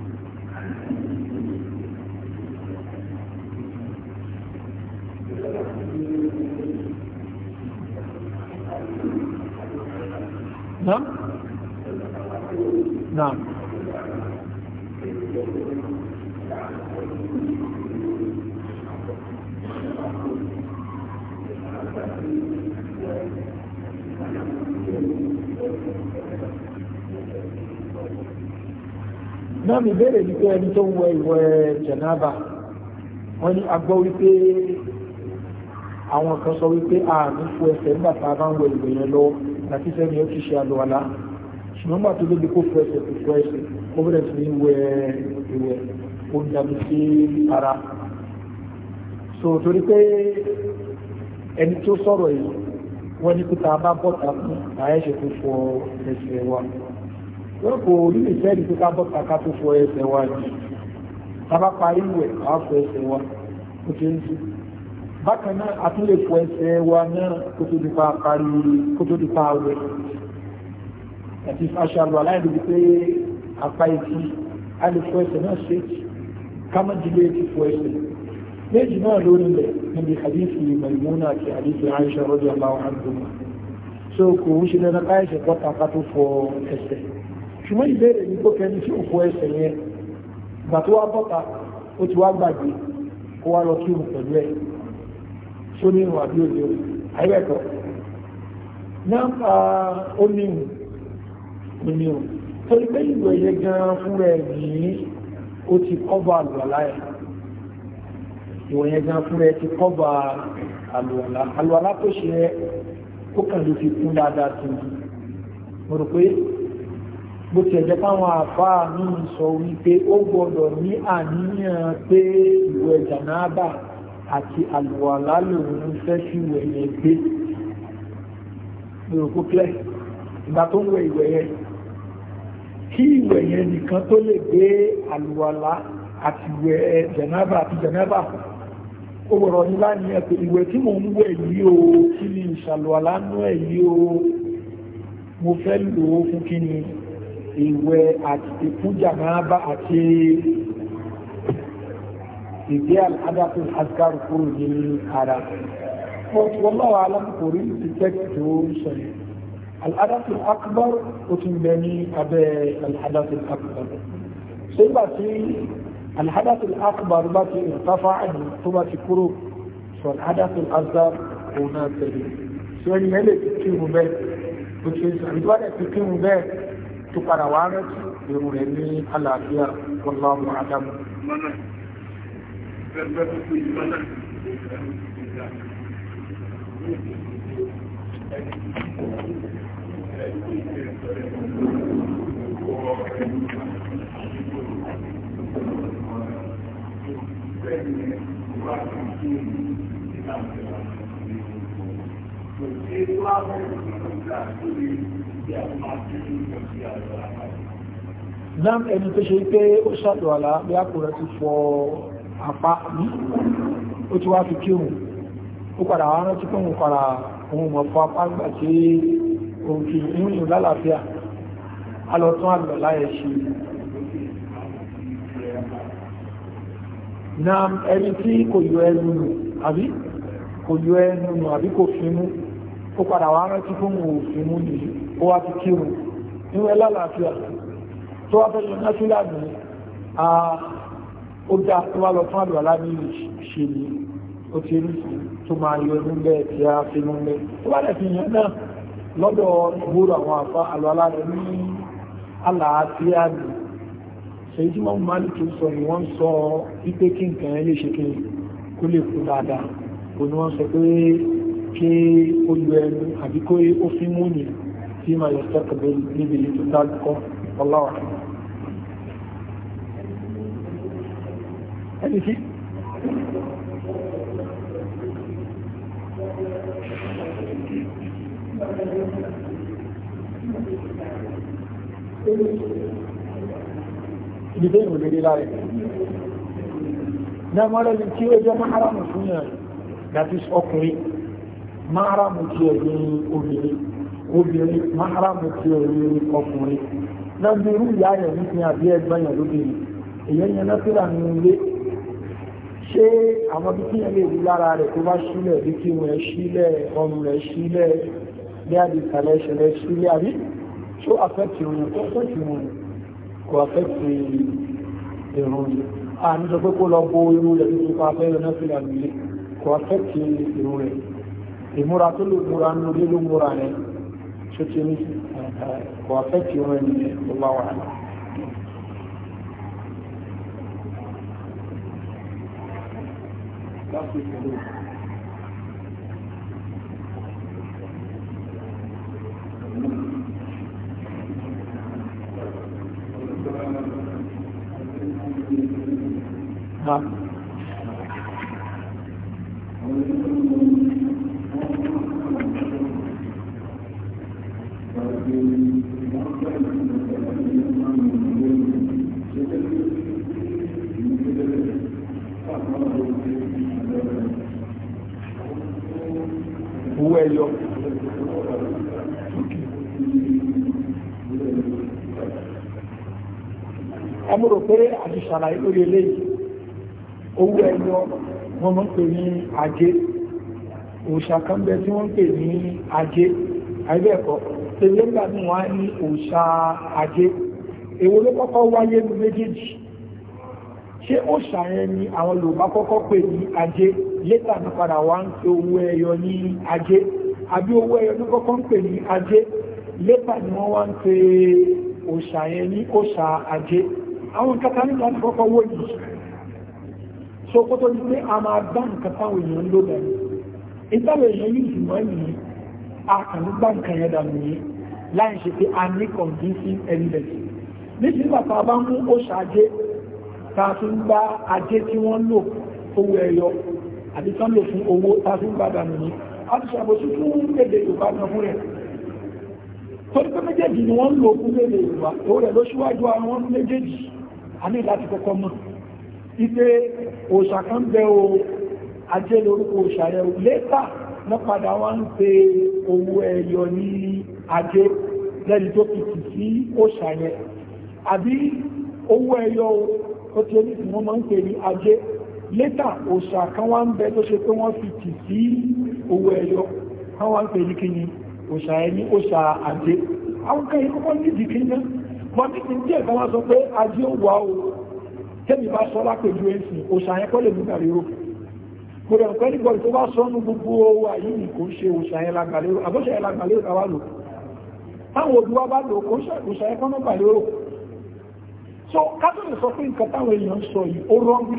A: نعم نعم náà mi bẹ̀rẹ̀ ní pé ẹni tó ń wẹ ìwẹ̀ jẹ̀náàbà wọ́n ní agbọ́ wípé àwọn kan sọ wípé ààrùn fún ẹsẹ̀ nígbà tá a bá ń wọ ìwé yẹn lọ láti sẹ́ni ó ti ṣe àlùwàlá ṣùgbọ́n gbà tó lóbi kó fún ẹsẹ̀ kò fún ẹsẹ̀ ó bẹ̀rẹ̀ sí ní wẹ ìwẹ̀ ó ń dàbí sí ara so torí pé ẹni tó sọ̀rọ̀ yìí wọ́n ní kúta bá bọ́ta fún àyẹ̀ṣẹ̀ tó fọ ẹsẹ̀ wa wọ́n kò nílé sẹ́ni kúta bọ́ta ká tó fọ ẹsẹ̀ wa yìí tá parí ìwẹ̀ àá fọ ẹsẹ̀ wa ó ti ń sùn bákan náà a tún lè fọ ẹsẹ̀ wa náà kó tó dípa parí kó tó dípa awẹ àti aṣáájú aláìlú wípé apá etí a lè fọ ẹsẹ̀ náà ṣe kámẹ́jìlé ti fọ ẹsẹ̀ méjì náà lórí rẹ̀ níbi hadithi Maimuna àti hadithi Aisha radiyallahu anhuma so kò ń ṣe lẹ́nu káyẹ̀sẹ̀ pọ́ta ká tó fọ ẹsẹ̀ ṣùgbọ́n ìbéèrè ní kókẹ́ ní tí ó fọ ẹsẹ̀ yẹn gbà tó wá bọ́ta ó ti wá gbàgbé kó wá lọ kírun pẹ̀lú ẹ̀ tó ní ìwà bí òjò àìrẹ́kọ̀ náà ó ní ìwọ̀n ní ìwọ̀n tó ní pé ìwọ̀ yẹ gan fún rẹ̀ ní ó ti kọ́bà àlùwàlá ẹ̀ ìwọ̀n yẹ gan fún rẹ̀ ti kọ́bà àlùwàlá àlùwàlá tó ṣe ẹ́ ó kàn ló fi kún dáadáa sí i mo rò pé bó ti ẹ̀jẹ̀ fáwọn àfáà mi sọ wípé ó gbọ́dọ̀ ní àníyàn pé ìwẹ̀ jànáàbà àti àlùwàlá lòun fẹ́ sí ìwẹ̀ yẹn gbé lòkú pẹ́ ìgbà tó ń wẹ̀ ìwẹ̀ yẹn kí ìwẹ̀ yẹn nìkan tó lè gbé àlùwàlá àti ìwẹ̀ jẹ̀nàbà àti jẹ̀nàbà ó wọ̀rọ̀ ní láàrin ẹ̀ pé ìwẹ̀ tí mò ń wẹ̀ yìí o kí ni ìṣàlùwàlá nú ẹ̀ yìí o mo fẹ́ lò ó fún kí ni ìwẹ̀ àti ìkú jẹ̀nàbà àti ìgbé àdáfẹ́ asgar kúrò ní ara but wallahu alam kò rí ìtẹ́kì tó ń ṣẹlẹ̀ al'adatul akbar ó ti bẹ ní abẹ́ al'adatul akbar ṣé ìgbà tí al'adatul akbar bá ti ìrtafa àyè tó bá ti kúrò sọ al'adatul asgar kò náà tẹ̀lé ṣé ẹni mẹ́lẹ̀ ti kí mu bẹ́ẹ̀ tó ṣe ìbálẹ̀ ti kí mu bẹ́ẹ̀ tó padà wá rántí èrò rẹ̀ ní àlàáfíà wallahu alam. Nam ẹni tó ṣe pé ó ṣàtọ̀ àlá bí a kò rẹ̀ ti fọ́ ọ́ apá ó ti wá fi kí òun ó padà wá rántí pé òun padà òun mọ̀ fún apá gbà tí òun kì í rìn lálàáfíà a lọ tún àgbà láyẹ̀ ṣe na ẹni tí kò yọ ẹnu nù àbí kò yọ ẹnu nù àbí kò fimú ó padà wá rántí fún òun fimú nìyí ó wá fi kí òun níwẹ̀ lálàáfíà tó wá fẹ́ lọ náà sílẹ̀ àgbẹ̀ ó dá tó wá lọ fún àlùwàlá ní ìṣe ni ó ti rí tó máa yọ inú bẹ́ẹ̀ tí a fi mú bẹ́ẹ̀ tó bá lẹ̀ fi yàn náà lọ́dọ̀ gbóòrò àwọn àfa àlùwàlá rẹ̀ ní àlàáfíà nì ṣèyí tí wọ́n mú máa tó sọ ni wọ́n sọ wípé kí nǹkan ẹ lè ṣe kí kó lè kú dáadáa kò ní wọ́n sọ pé kí ó lu ẹnu àbí kó ó fi mú ni tí màá yọ sọ́kàbẹ́ níbi ètò kọ́ ọláwàá ẹni sí
B: ìdílé ìròlérí láàrẹ̀
A: náà mọ́rẹ́ ní tí ó jẹ́ máàrámù fún yàn that is ọkùnrin máàrámù tí ó ní obìnrin obìnrin máàrámù tí ó ní ọkùnrin náà bí irú ìyá rẹ̀ nípin àbí ẹgbẹ́ yàn lóbìnrin èyẹ́ yẹn náà fíra nínú ilé ṣé àwọn bí kíyàn lè rí lára rẹ̀ tó bá sílẹ̀ bí kí wọ́n sílẹ̀ ọrùn rẹ̀ sílẹ̀ bí àdìsàlẹ̀ ìṣẹ̀lẹ̀ sílẹ̀ àbí ṣó àfẹ́tì òun tó àfẹ́tì òun kò àfẹ́tì ìrùn rẹ̀ a ní sọ pé kó lọ bo irun rẹ̀ tó pa afẹ́ yọ̀nà sílẹ̀ àbílé kò àfẹ́tì ìrùn rẹ̀ ìmúra tó lè múra nínú lé ló múra rẹ̀ ṣó ti ní kò
B: àfẹ́tì òun rẹ̀ nìyẹn tó bá wà Huh?
A: ṣàlàyé lórí eléyìí owó ẹyọ wọ́n mọ́ pè ní ajé òòṣà kan bẹ tí wọ́n pè ní ajé àìbẹ̀ẹ̀kọ́ tẹ́lẹ̀ ńgbà ní wọ́n á ní òòṣà ajé èwo ló kọ́kọ́ wáyé ní méjèèjì ṣé ó ṣàyẹn ni àwọn Yorùbá kọ́kọ́ pè ní ajé létà ní padà wá ń pe owó ẹyọ ní ajé àbí owó ẹyọ ní kọ́kọ́ ń pè ní ajé létà ni wọ́n wá ń pe òòṣà yẹn ní òòṣà ajé àwọn kẹta nígbà tí kọ́kọ́ wó yìí so kó tó di pé a máa bá nǹkan táwọn èèyàn ló bẹ̀rẹ̀ ìtàwọn èèyàn yìí sì mọ́ ẹ̀yìn àkànú bá nǹkan yẹn dànù yìí láì ṣe pé a ní convincing evidence nítorí bàtà bá mú ó ṣàjẹ́ ta fi ń bá ajé tí wọ́n lò owó ẹ̀yọ àti tán lò fún owó ta fi ń bá dànù yìí a ti ṣàbòsí fún èdè Yorùbá náà fún rẹ̀ torí pé méjèèjì ni wọ́n lò fún èdè Yorùbá tó rẹ̀ ló àwọn méjèèjì a ní láti kọ́kọ́ mọ̀ ipé òṣà kan bẹ o ajé lórúkọ òṣà yẹ o létà wọ́n padà wọ́n ń pe owó ẹyọ ní ajé lẹ́ni tó kìtì sí òṣà yẹ àbí owó ẹyọ ó ti oníṣìí wọ́n máa ń pè ní ajé létà òṣà kan wá ń bẹ tó ṣe pé wọ́n fi tì sí owó ẹyọ kan wá ń pè ní kíni òṣà ẹni òṣà ajé àwọn kan yìí kọ́kọ́ nídìí kíni náà mọ̀ ní ti díẹ̀ kan wá sọ pé ajé ó wà ó tẹ́mi bá sọ lápèjú ẹ̀sìn òṣà yẹn kọ́ lè mú gàrí rò mo rẹ̀ nǹkan nígbọ̀ tó bá sọ́nù gbogbo owó ayé ní kò ṣe òṣà yẹn lágbàlérò àbóṣà yẹn lágbàlérò káwá lò táwọn olùwà bá lò kò òṣà yẹn kọ́nà gbàlérò so kátólì sọ pé nǹkan táwọn èèyàn sọ yìí ó rọ́ǹgì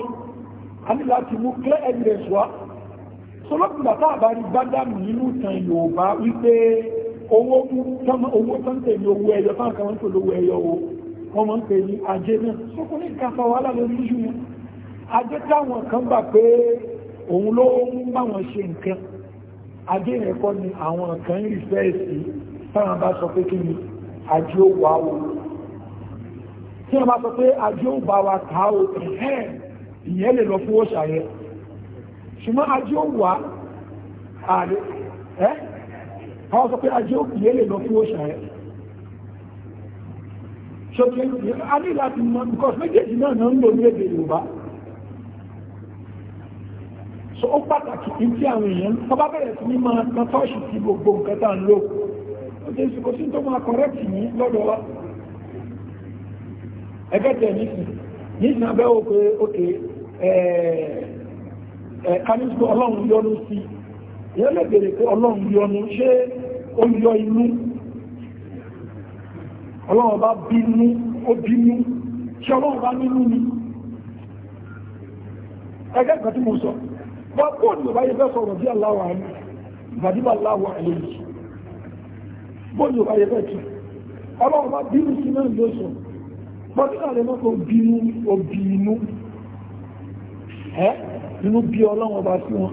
A: a ní láti mú clear evidence wá so lọ́kùnrin bàtà àbárí gbádàmù nínú ìtàn Yorùbá wípé owó owó tán tẹ̀lé owó ẹyọ tán kan tó lówó ẹyọ owó wọ́n mọ́ ń pè ní ajé náà sókún ní ìkàfà wà lálórí ìṣù yẹn ajé táwọn kan gbà pé òun ló ń bá wọn ṣe nǹkan ajé yẹn kọ́ ni àwọn kan ń rìfẹ́ sí táwọn bá sọ pé kí ni ajé ó wà o tí wọ́n bá sọ pé ajé ó bá wa ta o ẹ̀hẹ́n ìyẹn lè lọ fún òṣà yẹn ṣùgbọ́n ajé ó wà á ẹ́ àwọn sọ pé ajé ó kìí lè lọ fún òṣà ẹ̀ ṣọ́kẹ́ a ní láti mọ̀ because méjèèjì náà náà ń lò ní èdè Yorùbá so ó pàtàkì kí tí àwọn èèyàn tó bá bẹ̀rẹ̀ sí ní máa kan tọ́ọ̀ṣì sí gbogbo nǹkan tá ń lò ó ti sùkò sí tó máa kọ̀rẹ́kì ní lọ́dọ̀ wa ẹgbẹ́ tẹ̀ nísìn nísìn abẹ́ òkè òkè ẹ̀ẹ́ ká ní sọ Ọlọ́run yọ́nú sí ìyẹn lè bèèrè pé ọlọ́run yọ ni ṣé ó yọ inú ọlọ́run bá bínú ó bínú ṣé ọlọ́run bá nínú ni ẹgbẹ́ ìgbà tí mo sọ bá kó ní ọba yẹ fẹ́ sọ̀rọ̀ bí aláwọ̀ àmì ìgbàdíbà aláwọ̀ àlejò bó ní ọba yẹ fẹ́ tù ọlọ́run bá bínú sí náà ló sọ bọ́dúnà lè mọ́ kó bínú ó bínú ẹ́ inú bí ọlọ́run ọba sí wọn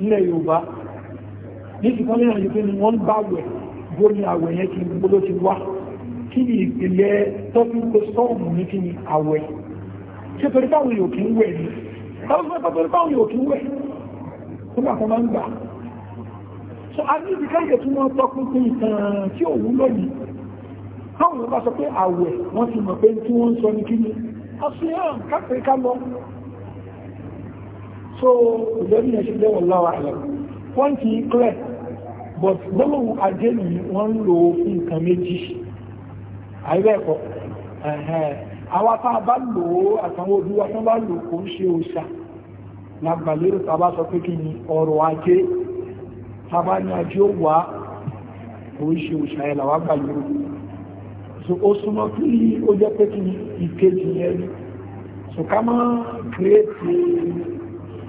A: ilẹ̀ Yorùbá ní ìkan lẹ́nà yìí pé ni wọ́n bá wẹ̀ bóyí àwẹ̀ yẹn kí gbogbo ló ti wá kí ni ìpìlẹ̀ tọ́píkò sọ́ọ̀mù ní kí ni àwẹ̀ ṣe torí báwọn yóò kí ń wẹ̀ ni torí báwọn yóò kí ń wẹ̀ so a ní ìdíkà ìjẹ̀ tí wọ́n tọ́pín ìtàn tí ò wúlò yìí káwọn bá sọ pé àwẹ̀ wọ́n ti mọ̀ pé tí wọ́n ń sọ ní kí ni a fi so ìlẹ́bí yẹn ṣe lẹ́wọ̀n láwà rẹ̀ wọ́n ti clear but gbọ́lọ̀wọ̀ àjẹ́lù wọ́n ń lò fún nǹkan méjì àìbẹ́ẹ̀kọ́ àwọn tá a bá lò ó àtàwọn òbí wa tán bá lò kò ń ṣe òṣà lágbàlérò tá a sọ pé kí ni ọrọ̀ ajé tá ní ajé ó wà kò ń ṣe òṣà ẹ̀ làwọn àgbàlérò so ó súnmọ́ kí ó jẹ́ pé kí ni ìkejì yẹn so ká máa kírètì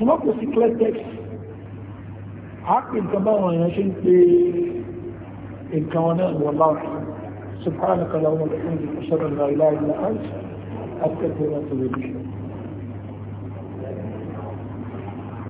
A: ṣùgbọ́n kò sí cletex a pè nǹkan báwọn èèyàn ṣe ń pe nǹkan wọn náà wọ́n láwọn سبحانك اللهم وبحمدك
B: اشهد ان لا اله الا انت استغفرك واتوب اليك